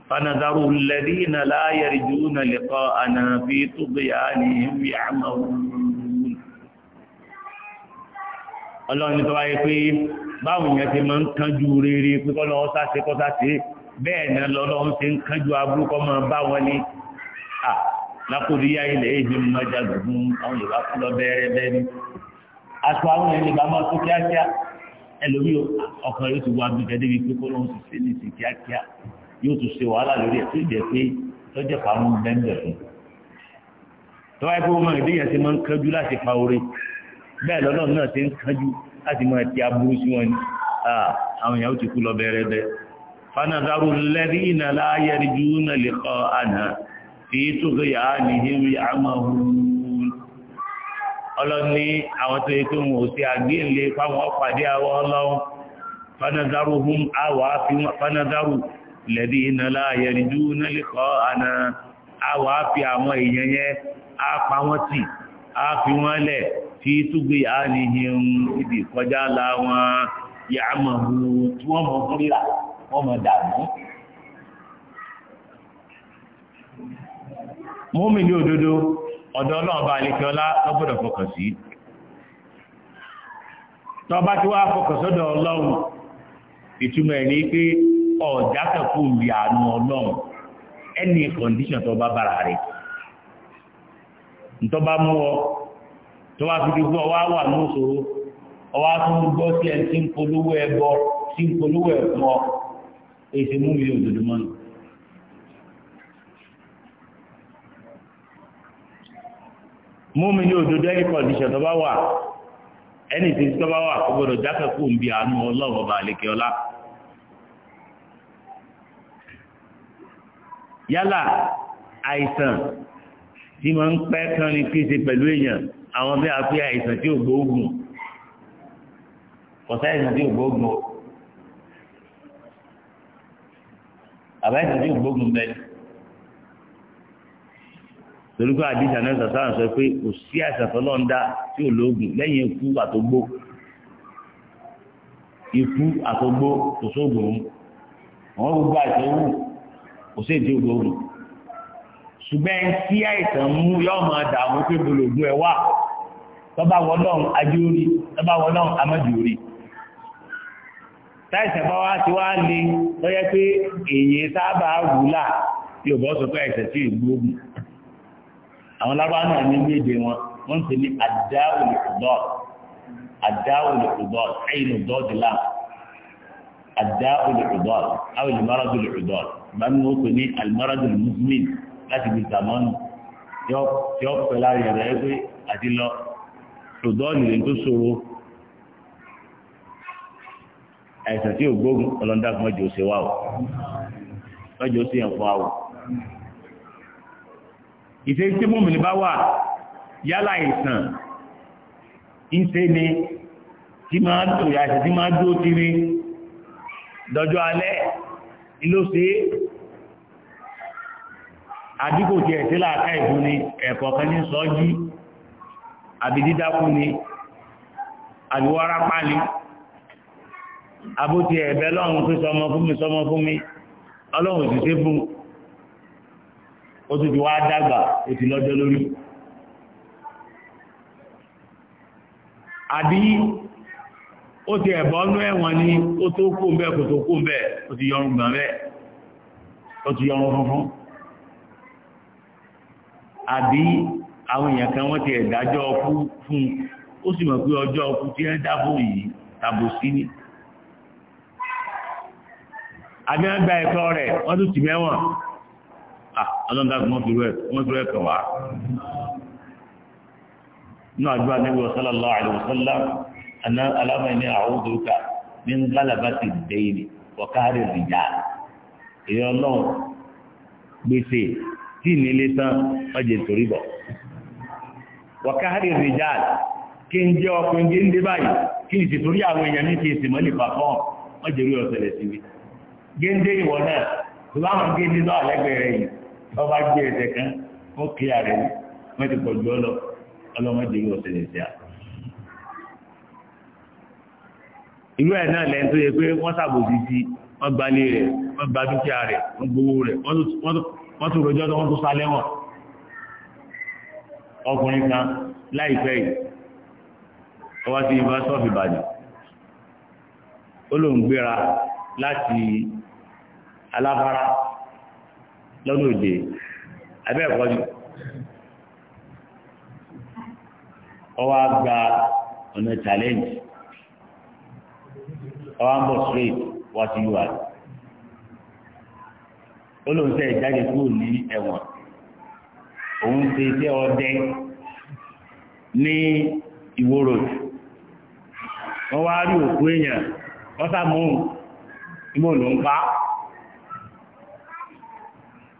فنذر الذين لا يرجون لقاءنا في طغيانهم يعمهون ọlọ́run ní tó wáyé pé báwọn èèyàn ti máa ń kánjú rere pé kọ́ lọ́wọ́ sáṣe kọ́ sáṣe bẹ́ẹ̀ náà lọ́lọ́run ti ń kánjú aburú kọ́ máa bá wọn ní à lákòríyá ilẹ̀ èyí mọ́jà gbogbo àwọn yorùbá fún lọ bẹ́ẹ̀rẹ́ bẹ́ẹ̀ ni aṣọ àwọn èèyàn lè bá máa tó kíákíá ẹlòmí ọkàn yóò ti wá gbígbẹ́ débi pé kó lóun ti ṣe ní ti kíákíá yóò tún ṣe wàhálà lórí ẹ̀ tó jẹ́ pé lọ́jọ́ pàmò bẹ́ńbẹ̀ fún tọ́wá pé máa bí yẹn ti máa ń kánjú láti pa orí bẹ́ẹ̀ lọ́nà náà ti ń kánjú láti máa ti aburú sí wọn ni àwọn èèyàn ti kú lọ bẹ̀rẹ̀ fanadaru lẹ́rí ìnàlá ayẹ́rìjú náà lè kọ́ tó ọlọ́ni àwọn tó yẹ tó wọn ò sí àgbéǹlé fáwọn pàdé àwọ ọlọ́run awa fi fanadaru lẹ́bí iná láàyè ríjú nílẹ̀kọ́ àná awa fi àwọn èèyàn yẹn á pa tì fi lẹ̀ fi túgbé àníhìn ibi kọjá la wọn yà ọ̀dọ̀ ọlọ́ọ̀bá alẹ́kẹ́ọlá lọ́gbọ́dọ̀ fọkàn sí tọba tí wá fọkàn sọ́dọ̀ ọlọ́run ìtumọ̀ ní pé ọ̀já rí àánú ọlọ́run ẹni tọba bára rẹ̀ ntọba mú tọba fi wà ní òṣòro ọwá tún gbọ́ sí tí ń polówó tí ń polówó èsì mú mi òdòdó mọ́nà múmi ní òdodo ẹni kọ̀díṣẹ̀ tó bá wà ẹni tí tó bá wà kó gbọdọ̀ jákè kó ń bi àánú ọlọ́run ọba àlekè ọlá. yálà àìsàn tí máa ń pẹ́ kan ní kí ṣe pẹ̀lú èèyàn àwọn bí a fi àìsàn tí ò gbóògùn kọ̀sá àìsàn tí ò gbóògùn àbáyé tí ò gbóògùn bẹ́ẹ̀ torí pé àdìsá náà sàtàn sọ pé kò sí àìsàn tó lọ́n dá tí ò lóògùn lẹ́yìn ikú àtògbó ikú àtògbó kò sóògùn òun àwọn gbogbo àìsàn wù kò sí èdè ògbó òun ṣùgbọ́n tí àìsàn mú yọ ọmọ dààmú pé gbòlògbò ẹ wà tọ́ba wọlọ́n adéorí tọ́ba wọlọ́n amájòrí táìsẹ̀ bá wá ti wá lè lọ́yẹ́ pé èyí sábà wùlà yóò bọ́ sọ pé àìsàn tí gbóògùn àwọn lábáwá náà ní méje wọn wọ́n ti ní àdáwòlè ọ̀dọ́ àdáwòlè ọ̀dọ́ ẹ̀yìn ọ̀dọ́ ti lá àdáwòlè ọ̀dọ́ àwọn ìmọ̀ràdùlè ọ̀dọ́ ìbámu wọn pè ní àlùmọ̀ràdùlè muslim láti fi sàmọ́nù tí ó pẹ̀lá rẹ̀ pé àti lọ ọ̀dọ́ nìyẹn tó ìṣe tí mùmìnì bá wà yálà ìsàn ìṣe ni tí máa dùn yàtì tí máa dúró ti rí dọjọ́ alẹ́ ìlóṣe àdíkò tí ẹ̀sí láàká ìfún ni ẹ̀kọ̀ọ̀kan ní sọ́jí àbìdídákú ni àbíwárápá ni abóti ẹ̀bẹ́ lọ́run pé sọmọ fún mi sọmọ fún mi ọlọ́run sì ṣe fún ó tún ti wá dàgbà ó ti lọ́jọ́ lórí àbí ó ti ẹ̀bọ́ ọ́nú ẹ̀wọ̀n ni ó tó kó ń bẹ́ kò tó kó ń bẹ́ ó ti yọrùn gbọ̀n bẹ́ ó ti yọrùn funfun àbí àwọn èèyàn kan wọ́n ti ẹ̀dájọ́ ọkú fún ó sì mọ̀ pé ọjọ́ ọkú tí ẹ́ dábò yìí tàbò sí ni àbí wọ́n gba ẹ̀tọ́ rẹ̀ wọ́n tún ti mẹ́wọ̀n ọlọ́ndàgbọ́n wọ́n fi rẹ̀ kàn wá inú àdúrà níbi sallallahu alaihi wasallam aláwọ̀ ẹni a'udhu bika min ghalabati ad ọba gbé ẹsẹ̀ kan ó kí ààrẹ wọn ti pọ̀jù ọ lọ ọlọ́mọdé yóò ṣẹlẹ̀ sí a. irú ẹ̀ náà lẹ́yìn tó yẹ pé wọ́n ṣàbòsí sí wọ́n gbalé rẹ̀ wọ́n gba dúkìá rẹ̀ wọ́n gbowó rẹ̀ wọ́n tún rojọ́ tó wọ́n tún sálẹ̀ wọ̀n. ọkùnrin kan láìpẹ́ yìí ọwá sí University Ìbàdàn ó lóun gbéra láti alábára lọ́nà òde abẹ́ ẹ̀kọ́ ni ọwọ́ gba ọ̀nà challenge ọwọ́ ń bọ̀ straight wá sí ui ó lóun sẹ́ ìjáde kúrò ní ẹ̀wọ̀n òun ṣe iṣẹ́ ọdẹ ní Ìwó road wọ́n wá rí òkú èèyàn wọ́n sá mú un ìmọ̀ ló ń pa á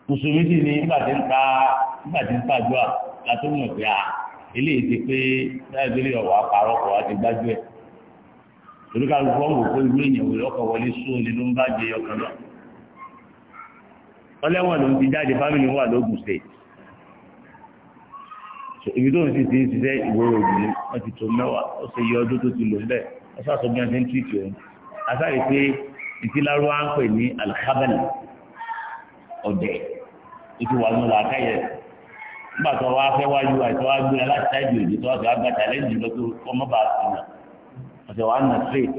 mùsùlùmí sì ni nígbà tí ń ta nígbà tí ń ta jọ à látó mọ̀ pé à eléyìí ti pé láìpẹ́ lè ọ̀wà parọ́ kọ̀ wá ti gbájú ẹ̀ torí ká lóko wọ́n wò pé irú èèyàn wò lọ́kọ̀ wọlé sóòlì ló ń bá jẹ ọkàn lọ. ọlẹ́wọ̀n ló ń ti jáde fámìlì wà lóògùn state ibi tó ń sì ti ń ṣiṣẹ́ ìwòrò òbí wọ́n ti tó mẹ́wàá ó ṣe iye ọdún tó ti lò bẹ́ẹ̀ ó ṣàṣọ bí wọ́n ti ń tíìtì ìfi wà nù làákàyè nígbà tó wá fẹ́ wá yú àìsàn wá gbéra láti táìbì tó wá fẹ́ agbá bá sùn ọ̀sẹ̀ wà nà straight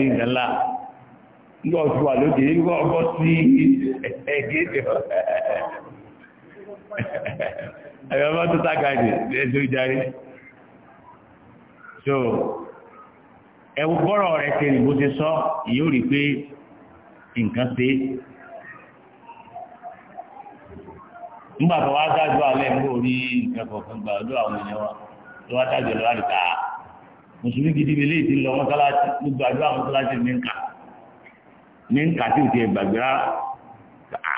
ńlá wà lóde sí ẹ̀ẹ́dẹ́gbẹ̀ tó so bọ́rọ̀ rẹ̀ kiri bó ti sọ ìyóò rí pé fi nǹkan ṣe nígbà tó wá dájọ́ alẹ́ mú orí nǹkan kọ̀ọ̀kan gbà ọdún àwọn èèyàn wa tó wá dájọ́ lọ́wọ́ àdìgbà mùsùlùmí gidi mi léèdì lọ mọ́sálásí gbogbo àdúrà mọ́sálásí ní nkà ní nkà tí ò ti gbàgbé rárá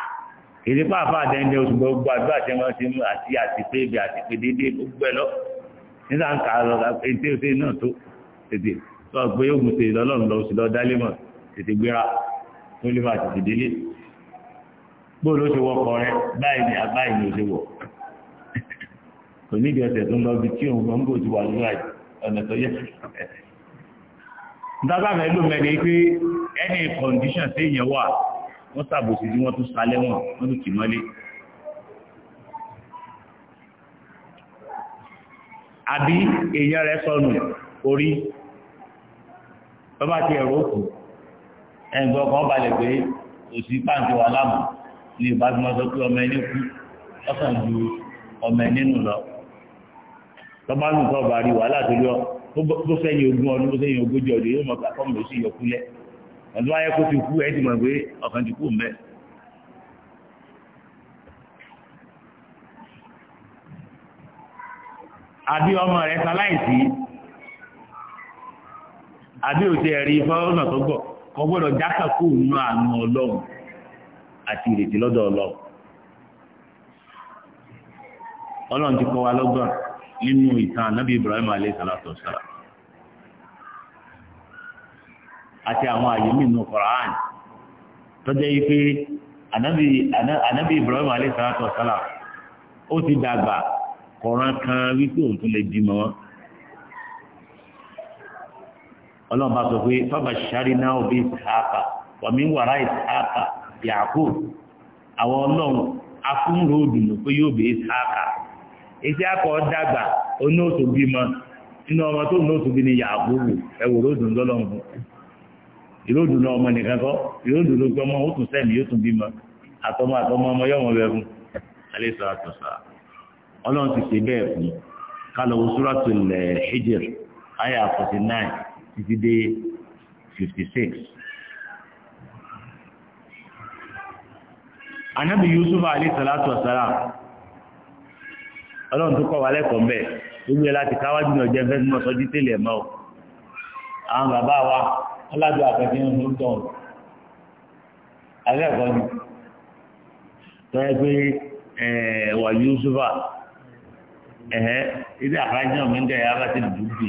èdè pàápàá àtẹnudẹ oṣù gbogbo àdúrà tí wọ́n ti mú àti àtìpé ibi àtìpé déédéé gbogbo ẹ̀ lọ nígbà ń kà á lọ ètè òṣèlú náà tó tètè lọ gbé ògùn tó lè máa tètè délé bó ló ṣe wọ ọkọ rẹ báyìí ni àbáyìí ni ó ṣe wọ kò ní ìdí ọ̀sẹ̀ tó ń lọ bí tí òun lọ ń bò ti wà lóra ọ̀nà tó yẹ nígbà mẹ́lò mẹ́lẹ̀ pé ẹni kọ̀ǹdíṣàn tí èèyàn wà wọ́n sàbòsí tí wọ́n tún sálẹ́wọ̀n wọ́n tún kì mọ́lé àbí èèyàn rẹ̀ sọnù orí bọ́bá ti ẹ̀rọ òkú ẹgbẹ́ ọkàn balẹ̀ pé òsì pàǹtí wà láàmú ní ìbágbọ́n sọ pé ọmọ ẹni kú ọ̀sán ju ọmọ ẹni nù lọ tọ́ba nù kọ́ bá rí wàhálà tó lọ tó sẹ́yìn ogún ọdún tó sẹ́yìn ogójì ọdún yóò mọ̀ kàkọ́ mọ̀ sí ìyọkulẹ̀ ọdún wáyé kó ti kú ẹ̀ ti mọ̀ pé ọkàn ti kú mbẹ́. àbí ọmọ rẹ̀ sáláìsí àbí òtí ẹ̀rí fọ́nà tó gbọ̀ kò gbọ́dọ̀ jákàkó nínú àánú ọlọ́run àti ìrètí lọ́dọ̀ ọlọ́run ọlọ́run ti kọ́ wa lọ́gbọ́n nínú ìtàn anábì Ibrahim alayhi salatu wassalam àti àwọn àyè mìíràn Qur'an tọ́jẹ́ yìí pé anábì Ibrahim alayhi salatu wassalam ó ti dàgbà kọ̀ọ̀ràn kan wípé òun tún lè bímọ wọn. ọlọ́run sọ pé fábàṣárì náà bí ìsáàkà wàmí wàrà ìsáàkà yàkó àwọn ọlọ́run afúnrò òdùnnú pé yóò bí ìsáàkà ìsáàkà dàgbà onóòtú bímọ nínú ọmọ tó onóòtú bí ni yàkó wò ẹwò ròdùn lọ́lọ́run fún ìròdùn ọmọ nìkan ìròdùn ló ó tún sẹ́mi tún bímọ àtọmọ àtọmọ ọmọ yọmọ bẹ fún alẹ́ sọ àtọ̀sà ọlọ́run ti ṣe bẹ́ẹ̀ fún títí dé 56. six. anabi yusuf alayhi salatu wa salam ọlọ́run tó kọ́ wa lẹ́kọ̀ọ́ mbẹ́ gbogbo ẹ̀ láti káwájú náà jẹ́ mọ́ sọ dítélì ẹ̀ mọ́ o àwọn bàbá wa ọlọ́dún àfẹ́fẹ́ ń lò tọ̀ alẹ́ ẹ̀kọ́ ni tọ́yẹ pé wà yusufa ẹ̀hẹ́ ilé àfáàjì náà mi ń dẹ̀ yàrá ti dùn bì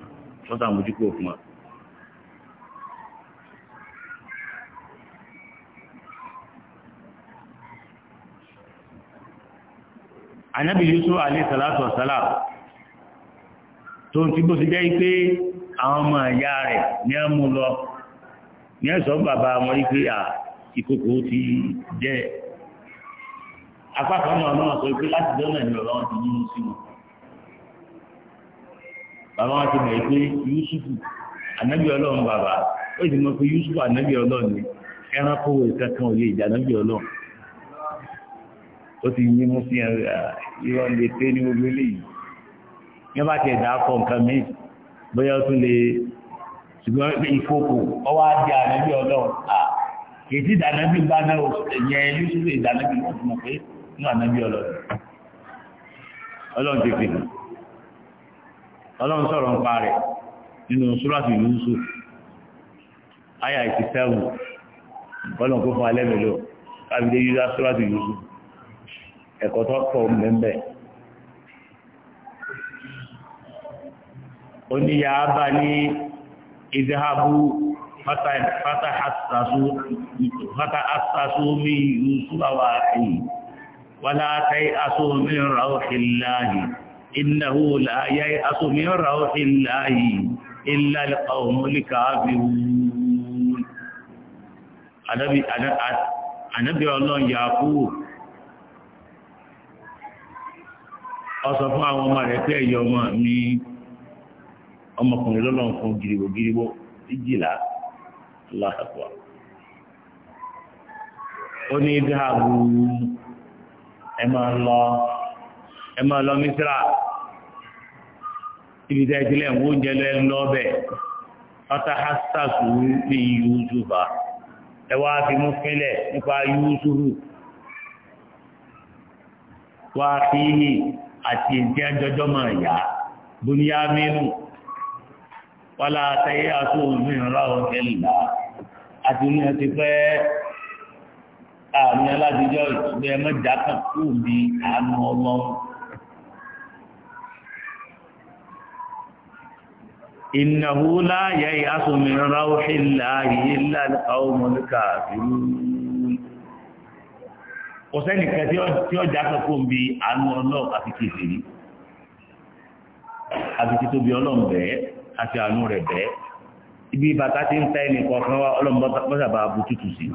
wọ́n sá mójú kúrò fún wa. ànábì Yusuf alayhi salatu wa salam tó ti bó ti jẹ́ pé àwọn ọmọ ìyá rẹ̀ ní ẹ mú lọ ní ẹ̀sọ́ bàbá wọn yí pé à ìkòkò ti jẹ́ apá kan náà náà sọ pé láti dọ́nà ìlọ́lọ́wọ́ ti yí sí wọn bàbá wọn ti mọ̀ pé yusufu ànábì ọlọ́run bàbá ó sì mọ̀ pé yusufu ànábì ọlọ́run ni ẹranko wo kankan ò lè jẹ ànábì ọlọ́run ó ti yín mú sí irọ́ lè pé ní gbogbo eléyìí yẹn bá tiẹ̀ dáa kọ nǹkan míì bóyá ó tún lè ṣùgbọ́n ìfòkò ọwọ́ á di ànábì ọlọ́run à kìtì ìdánábì bá náà ìyẹn yusufu ìdánábì wọ́n ti mọ̀ pé ní ànábì ọlọ́run ọlọ́run ti fi hàn ọlọ́run sọ̀rọ̀ ń pa rẹ̀ nínú súrọ́sì yusuf aya eighty seven ọlọ́run kó fún alẹ́ mi lò kábídé yúdá súrọ́sì yusuf ẹ̀kọ́ tó pọ̀ mẹ́mbẹ́. ó ní ya bá ní ìdíhábù fata asasu mi yusuf àwọn àyè wàlá tẹ́ asu mi ràwọ̀ kìláàyè. إنه لا ييأس من روح الله إلا القوم الكافرون Ànábì Ọlọ́run Yàkúù ó sọ fún àwọn ọmọ rẹ̀ pé ẹ̀yọ ọmọ mi ọmọkùnrin lọ́lọ́run fún gìrìwò gìrìwò ìjìlá aláàpọ̀ ó ní ìdáàbò ẹ máa ń ẹ máa lọ mísírà ibi tẹ́ ìdílé ń wóúnjẹ lọ ẹnu lọ́bẹ̀ ọ̀tá hasitaasu ní yusufa ẹ wá fi mú fílẹ̀ nípa yusufu wá fi àti ìdí ẹjọ́jọ́ máa yá bóníyàmínú wọ́lá àtẹ́yẹ àtúnmí ọlọ́run kẹlìlá àti ní ẹ pẹ́ àmì aládìjọ́ ìgbẹ́ mẹ́jà kú bí àánú ọlọ́run ìnáwó láàyè ìyásùnmí ráwọ́ṣì láàyè láàlùkà òmùlùkà ìlú kò sẹ́nìkan tí ó já sọ́kò ń bi àánú ọlọ́ọ̀ àti kìfìrí àti títóbi ọlọ́ọ̀ bẹ́ẹ̀ àti àánú rẹ̀ bẹ́ẹ̀ ibi bàtà ti ń ta ẹnì kọ̀ọ̀kan wá ọlọ́ọ̀ mọ́sàbà bu tútù sí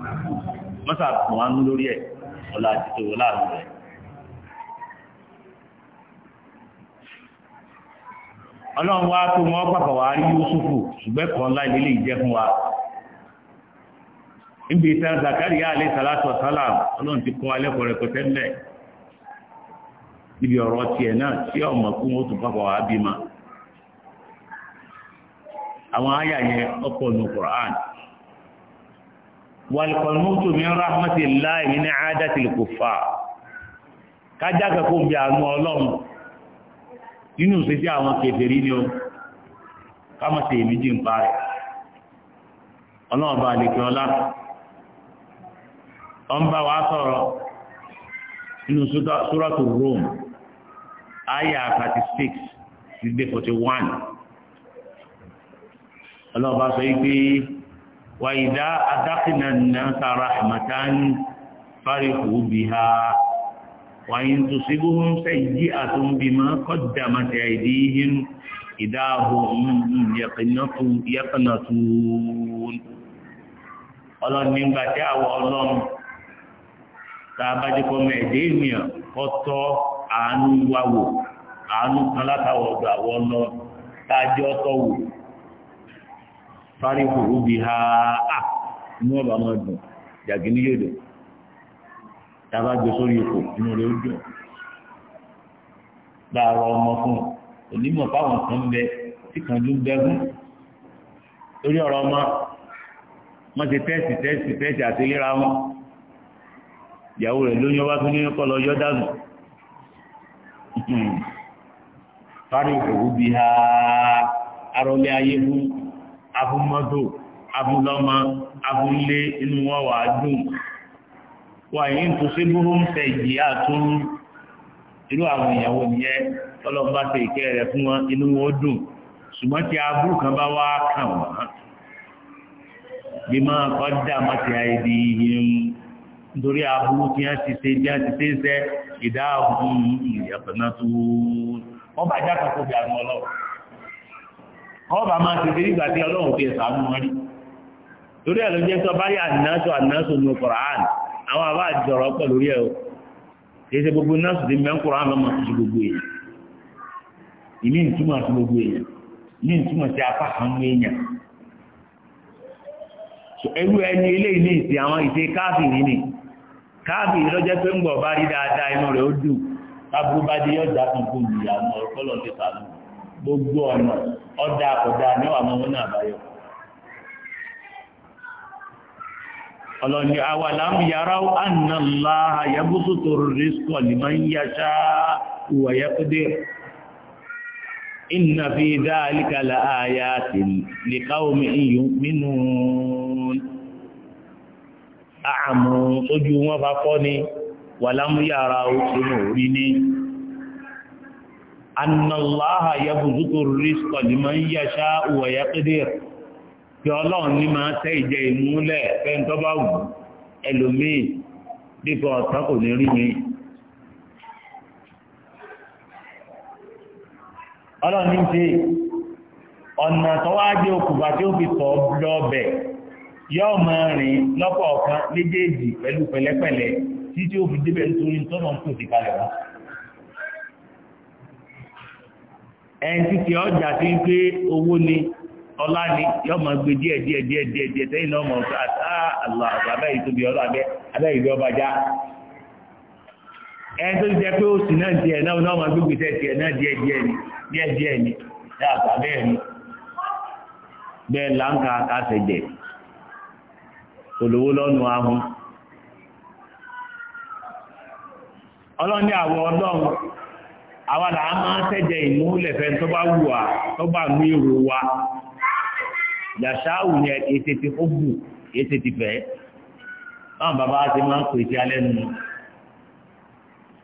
mọ́sàbà wọn lórí ẹ̀ ọlá àti tòwọ́ láàánú rẹ̀ ọlọ́run wá tó wọn pàpà wá rí Yusufu ṣùgbẹ́ kan láì lélẹ̀ ìjẹ́ fún wa níbi ìtàn Zakariya alẹ́ sàlátọ̀ sálàm ọlọ́run ti kọ́ alẹ́kọ̀ọ́ rẹpẹtẹ ńlẹ̀ níbi ọ̀rọ̀ tiẹ̀ náà tí ọmọ kún ó tún pàpà wá bímọ àwọn àyà yẹn ọkọ̀ nù Qur'an wàlùkọ̀lùmọ́tò mi rahmatillahi min 'adatil kuffar kájà kẹ́kọ̀ọ́ bí àánú ọlọ́run nínú ìṣesí àwọn kèfèrí ni ó kámọ̀ sí èméjì ń pa rẹ̀ ọlọ́ọ̀bá àlèkè ọlá ọ ń bá wa sọ̀rọ̀ nínú súrọ́tù Rome aya 36 sí 41 ọlọ́ọ̀bá sọ wípé wàyídá adákìnà náà sára àmàtà ń fárí kò bí ha wàyín tó síbú ń fẹ́ ìdí àtúnbìmọ́ kọ́dà màtí àìdí ihìn ìdáhùn yẹ́kànnà tún ọlọ́run nígbà tí àwọ̀ ọlọ́run tá a bá jẹ́ kọ́ mẹ́ẹ̀dẹ́ ènìyàn kọ́ tọ́ àánú wa wò àánú kan látàwọ̀ ọ̀dọ̀ àwọ̀ ọlọ́run tá a jẹ́ ọtọ́ ha á ní ọ̀bà mọ́ dùn jàgínní yóò dùn tàbá gbé sórí ipò inú rẹ̀ ó dùn gbàrọ ọmọ fún onímọ̀ fáwọn kan bẹ tí kan ló ń dẹ́gùn lórí ọ̀rọ̀ ọmọ wọ́n ti tẹ́sì tẹ́sì tẹ́sì àtẹlẹ́ra wọn ìyàwó rẹ̀ lóyún ọba tó ní kọ́ lọ dànù fárí òkòwò bí ha arọlé ayé fún afúnmọ́tò afúnlọ́mọ afúnlé inú wọn wà á dùn. wà yìí ń tó sí búrú ń fẹ́ ìjì àtún irú àwọn ìyàwó nìyẹn ọlọ́ba ṣe ìkẹ́ rẹ̀ fún wọn inú wọn dùn ṣùgbọ́n tí aburú kan bá wá kàn wọ́n bí máa kọ́ dá mọ́tì àìdí yìí nítorí aburú tí ti ṣe bí a ti ṣe ń ìdá náà tó àwọn àbá àjọ̀rọ̀ pẹ̀lú rí ẹ̀ o kìí ṣe gbogbo náà sì mẹ́ ń kúrò àwọn ọmọ sí gbogbo èèyàn ìní ìtumọ̀ sí gbogbo èèyàn ní ìtumọ̀ sí apá kan ní èèyàn ẹrú ẹni eléyìí ní ìsìn àwọn ìṣe káàfìrí ni káàfìrí lọ́jẹ́ pé ń gbọ̀ bá rí dáadáa inú rẹ̀ ó dùn tábú bá dé yọjà kan kó nìyà mọ́ ọ̀rọ̀ kọ́lọ̀ ti sàánù gbogbo ọ̀nà ọ̀dà àkọ́dà ní àwọn náà báyọ̀ ọlọ́ni awalam yarau anna Allaha yabsutu rizqa liman yasha'u wa yaqdir inna fi dhalika la ayatin liqaumin yu'minun àmù tójú wọn bá fọ́ ni walam yarau sínú orí ní anna Allaha yabsutu rizqa liman yasha'u wa yaqdir pé ọlọ́run ní máa tẹ́ ìjẹ ìmúlẹ̀ fẹ́ntọ́ bá wù ẹlòmíì dípò ọ̀tọ́ kò ní rí mi. ọlọ́run ní ṣe ọ̀nà tó wá jẹ́ okùnfà tí ó fi tọ̀ lọ bẹ̀ yóò máa rìn lọ́pọ̀ ọ̀kan méjèèjì pẹ̀lú pẹ̀lẹ́pẹ̀lẹ́ títí ó fi débẹ̀ nítorí tọ́nà ń pèsè kalẹ̀ wá. ẹni títí ọjà ti ń pé owó ni ọlá ni yọ ma gbé díẹ̀ díẹ̀ díẹ̀ díẹ̀ díẹ̀ tẹ́yìn náà mọ̀ ọ́sọ́ àtà àlọ́ ẹ náà náà àwọ̀ ọlọ́run ń ìmúlẹ̀fẹ́ tó bá tó bá mú wa yàṣáwù ni ètè ti ó bù ètè ti fẹ́ báwọn bàbá ti máa ń pè sí alẹ́ nu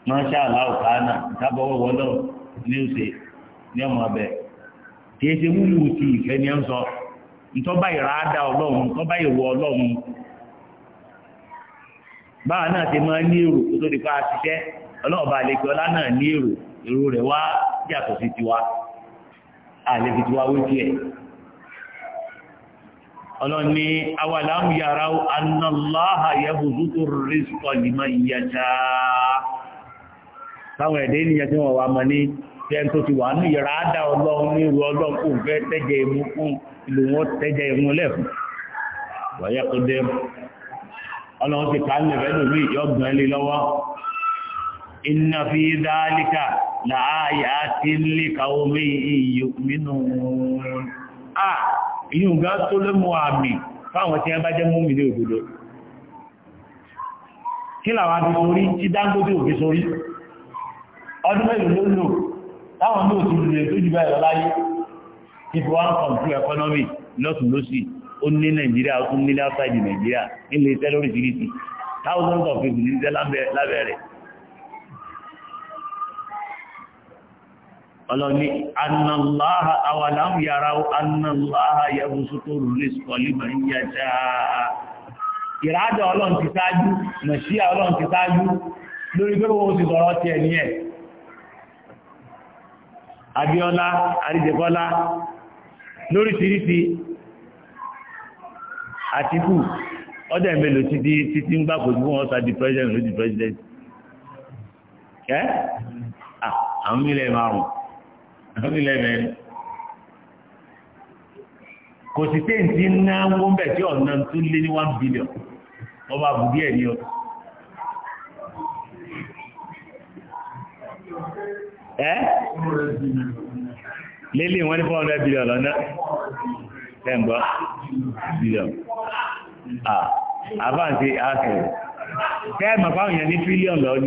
máṣá aláwọ̀ káánà ìtàbọ̀wọ̀ wọlọ́ ní ọ̀sẹ̀ ní ọmọ abẹ kìí ṣe wúlù ti ìfẹ́ ni ẹ ń sọ ntọ́ba ìràádá ọlọ́run ntọ́ba ìwọ ọlọ́run báwa náà ti máa ní èrò tó tó di ọlọ́ni awàlámù yàrá annáláha yẹ́bùzú tó rísọ̀ lìmọ̀ ìyàjá táwọn ẹ̀dẹ́ ènìyàn tí wọ́n wà mọ̀ ní ẹn tó ti wà ní yàrá dá ọlọ́run ní ìrù ọlọ́run kò fẹ́ lè kàwọ́ mí ìyókù mínú ah ìyún gan tó ló mú àmì fáwọn tí wọ́n bá jẹ́ múmi ní òdodo kí làwọn àti sórí tí Dangote òfin sórí ọdún mẹ́rin ló lò táwọn ní òtún lè tó jù bá ẹ̀rọ láyé tí fi wá ń kàn sí ẹkọ́nọ́mì lọ́tún lọ́sì ó ní Nàìjíríà ó tún ní outside Nàìjíríà nílé tẹ́lórí síríṣì thousands of people ní tẹ́lábẹ́ rẹ̀ ọlọ́ni annaláha awalam yàrá annaláha yẹ̀bùsù tó rúrí sọ̀límọ̀ yàjá ìrádà ọlọ́run ti sáájú mẹ̀síà ọlọ́run ti sáájú lórí pé wọ́n ti sọ̀rọ̀ ti ẹni ẹ̀ Abíọ́lá Àríjẹ̀kọ́lá lórí tìrìtì Àtíkù ọdẹ̀ mélòó títí títí ń gbàkó tí wọ́n sá di president lójú president àwọn ilẹ̀ márùn-ún lórílẹ̀ mẹ́rin kò sí téǹtì náwó ń bẹ̀ tí ọ̀nà tó lé ní one billion ọba àbùdí ẹ̀ ní ọ. ẹ́ lélé wọ́n ní four hundred billion lọ́nà ẹ̀ ń gbọ́ billion àbáǹtí àṣẹ tẹ́ẹ̀mọ̀ fáwọn èèyàn ní trillion lọ́ọ́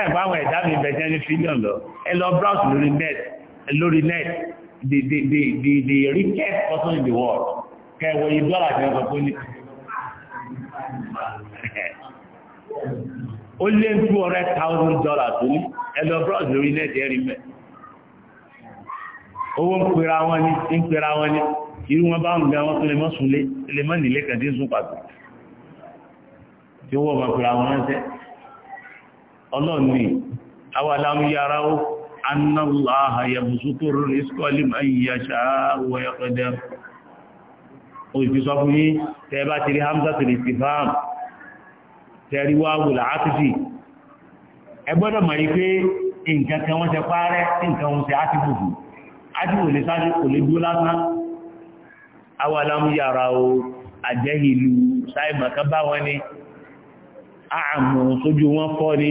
ẹ̀bá àwọn ẹ̀dá mi bẹ̀jẹ́ ní trillion lọ ẹ lọ browse lórí net lórí net the the the the the richest person in the world kẹwọ yìí dọ́là tí wọ́n sọ ní ó lé ní two hundred thousand dollars tó ní ẹ lọ browse lórí net ẹ̀rí mẹ́ owó ń pera wọn ní ń pera wọn ní irú wọn bá ń gbé wọn tó lè mọ́ sunlé lè mọ́ nílé kẹ̀dé sún pàtó tí owó ọmọ ọlọ́run ni awalam yarau anna Allaha yabsutu rizqa liman yasha'u wa yaqdir òfin sọ fún yín tẹ bá ti rí hamza tó lè istifham tẹrí wá wùlà átìfì ẹ gbọ́dọ̀ mọ̀ yí pé nǹkan kan wọ́n ṣe párẹ́ nǹkan wọ́n ṣe átìfì fún lè sáré kò lè dúró lásán awàlámú yàrá àjẹ́hìlú sáìmọ̀ kan bá wọn ni àmọ̀ sójú wọn fọ́ ni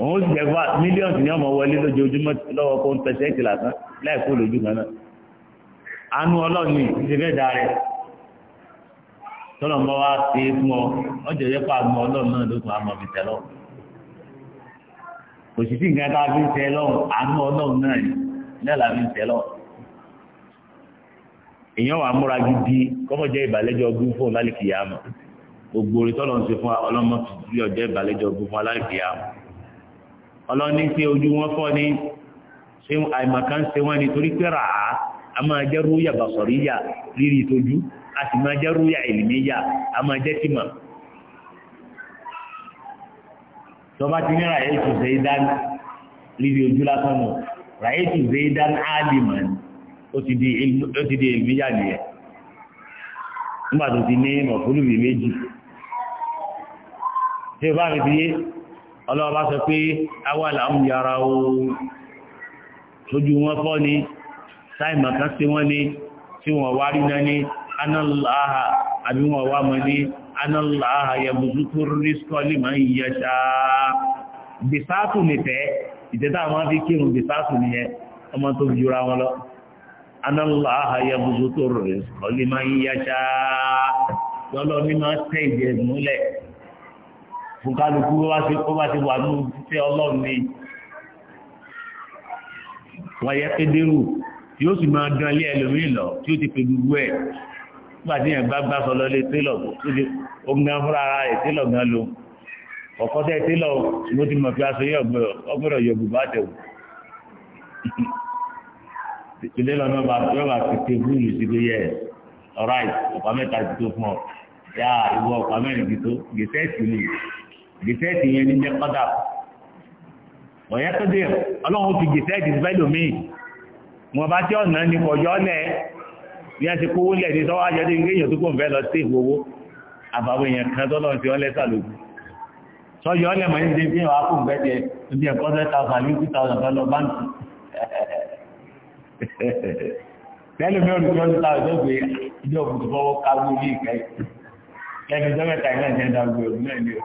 òun sì jẹ́gbà mílíọ̀nù ní ọmọ wọlé lójoojúmọ́ lọ́wọ́ kó ń pẹ̀sẹ̀ ìtì lásán láìkó lójú kan náà anú ọlọ́ọ̀ni ìṣẹ́fẹ́ da rẹ̀ tọ́lọ̀ mọ́ wá sí fún ọ ọjọ́ yẹ́pọ̀ àmọ́ ọlọ́ọ̀ náà ló tún àmọ́ fi tẹ̀ lọ́wọ́ kò sì sí nǹkan tá a fi ń tẹ lọ́wọ́ anú ọlọ́ọ̀ náà ni náà la fi ń tẹ lọ́wọ́ èèyàn wà múra gidi kọ́mọ̀jẹ́ ìbàlẹ́jọ́ ọdún gbogbo orí tọ́lọ̀ ń ṣe fún ọlọ́mọ fi ọjọ́ ìbàlẹ́jọ́ ọdún fún ọlálẹ́kìyàmọ̀ ọlọ́ni pé ojú wọn fọ́ ni ṣé àìmọ̀kan ṣe wọ́n ni torí pé ràá a máa jẹ́ rúyà bàṣọ̀ríyà rírí ìtọ́jú a sì máa jẹ́ rúyà ìlìmíyà a máa jẹ́ tìmọ̀ tọba ti ní ràyẹ̀tù zeidan rírí ojú lásán nù ràyẹ̀tù zeidan aliman ó ti di ìlìmíyà nìyẹn nígbà tó ti ní mọ̀fúlùmí méjì tí ó bá mi ti yé ọlọ́ọ̀bá sọ pé awà làmú yàrá ooo sójú wọn fọ́ ni sáìmà kan sí wọ́n ni tí wọ́n wá rí náà ni anáàlá àbí wọ́n wá mọ́ ni anáàlá yẹ̀bùsùkú rísọ́ lè máa ń yẹ ṣáá bìsáàtù nìfẹ́ ìtẹ́tà máa fi kírun bìsáàtù nìyẹn ọmọ fún kálukú ó bá ti wà ní títẹ́ ọlọ́run ni wáyé pédérù tí ó sì máa dán ilé ẹlòmíì lọ tí ó ti pe gbogbo ẹ̀ nígbà tí yẹn bá gbá sọ lọlé télọ̀ tó ti omidan fúnra ara rẹ̀ télọ̀ gan lo ọ̀kọ́tẹ́ télọ̀ ló ti mọ̀ fi aṣọ yẹ ọgbọ́dọ̀ yọ bùbá tẹ̀wò ìpínlẹ̀ lọ́nà bá yọ bá fi pe búlù sí pé yẹ ọ̀ráì ọ̀pá mẹ́ta ti gẹ̀ẹ́sẹ̀ẹ̀tì yẹn ní jẹ́ kọ́dà ọ̀yẹ́ tó dé ọlọ́run fi gẹ̀ẹ́sẹ̀ẹ̀tì sí bẹ́lò míì wọn bá tí ọ̀nà ní kọjọ́ lẹ̀ ní ẹsẹ̀ kówó lẹ̀ ní sọ́wọ́ ajẹ́ ní èèyàn tó kò ń fẹ́ lọ sí ìwòwó àbáwọ̀ èèyàn kan tọ́lọ́ ti ọ́lẹ́ sàlógún sọ́jọ́ lẹ̀ mọ̀ ní ṣe fi hàn ápò gbẹ́dẹ̀ tó bí ẹ̀kọ́ tẹ́ta fàmí two thousand fẹ́ lọ báńkì tẹ́lẹ̀ mi ò ní twenty thousand ó gbé ìjọba tó fọwọ́ káwó ní ìkẹ́ lẹ́nu ìjọba ìta ìlànà ìjọba ìgbèrò náà ni ó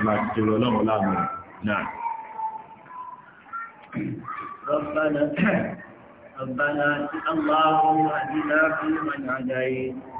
ọba àti tòrò ọlọ́run láàmú náà. ربنا ربنا اللهم اهدنا فيمن هديت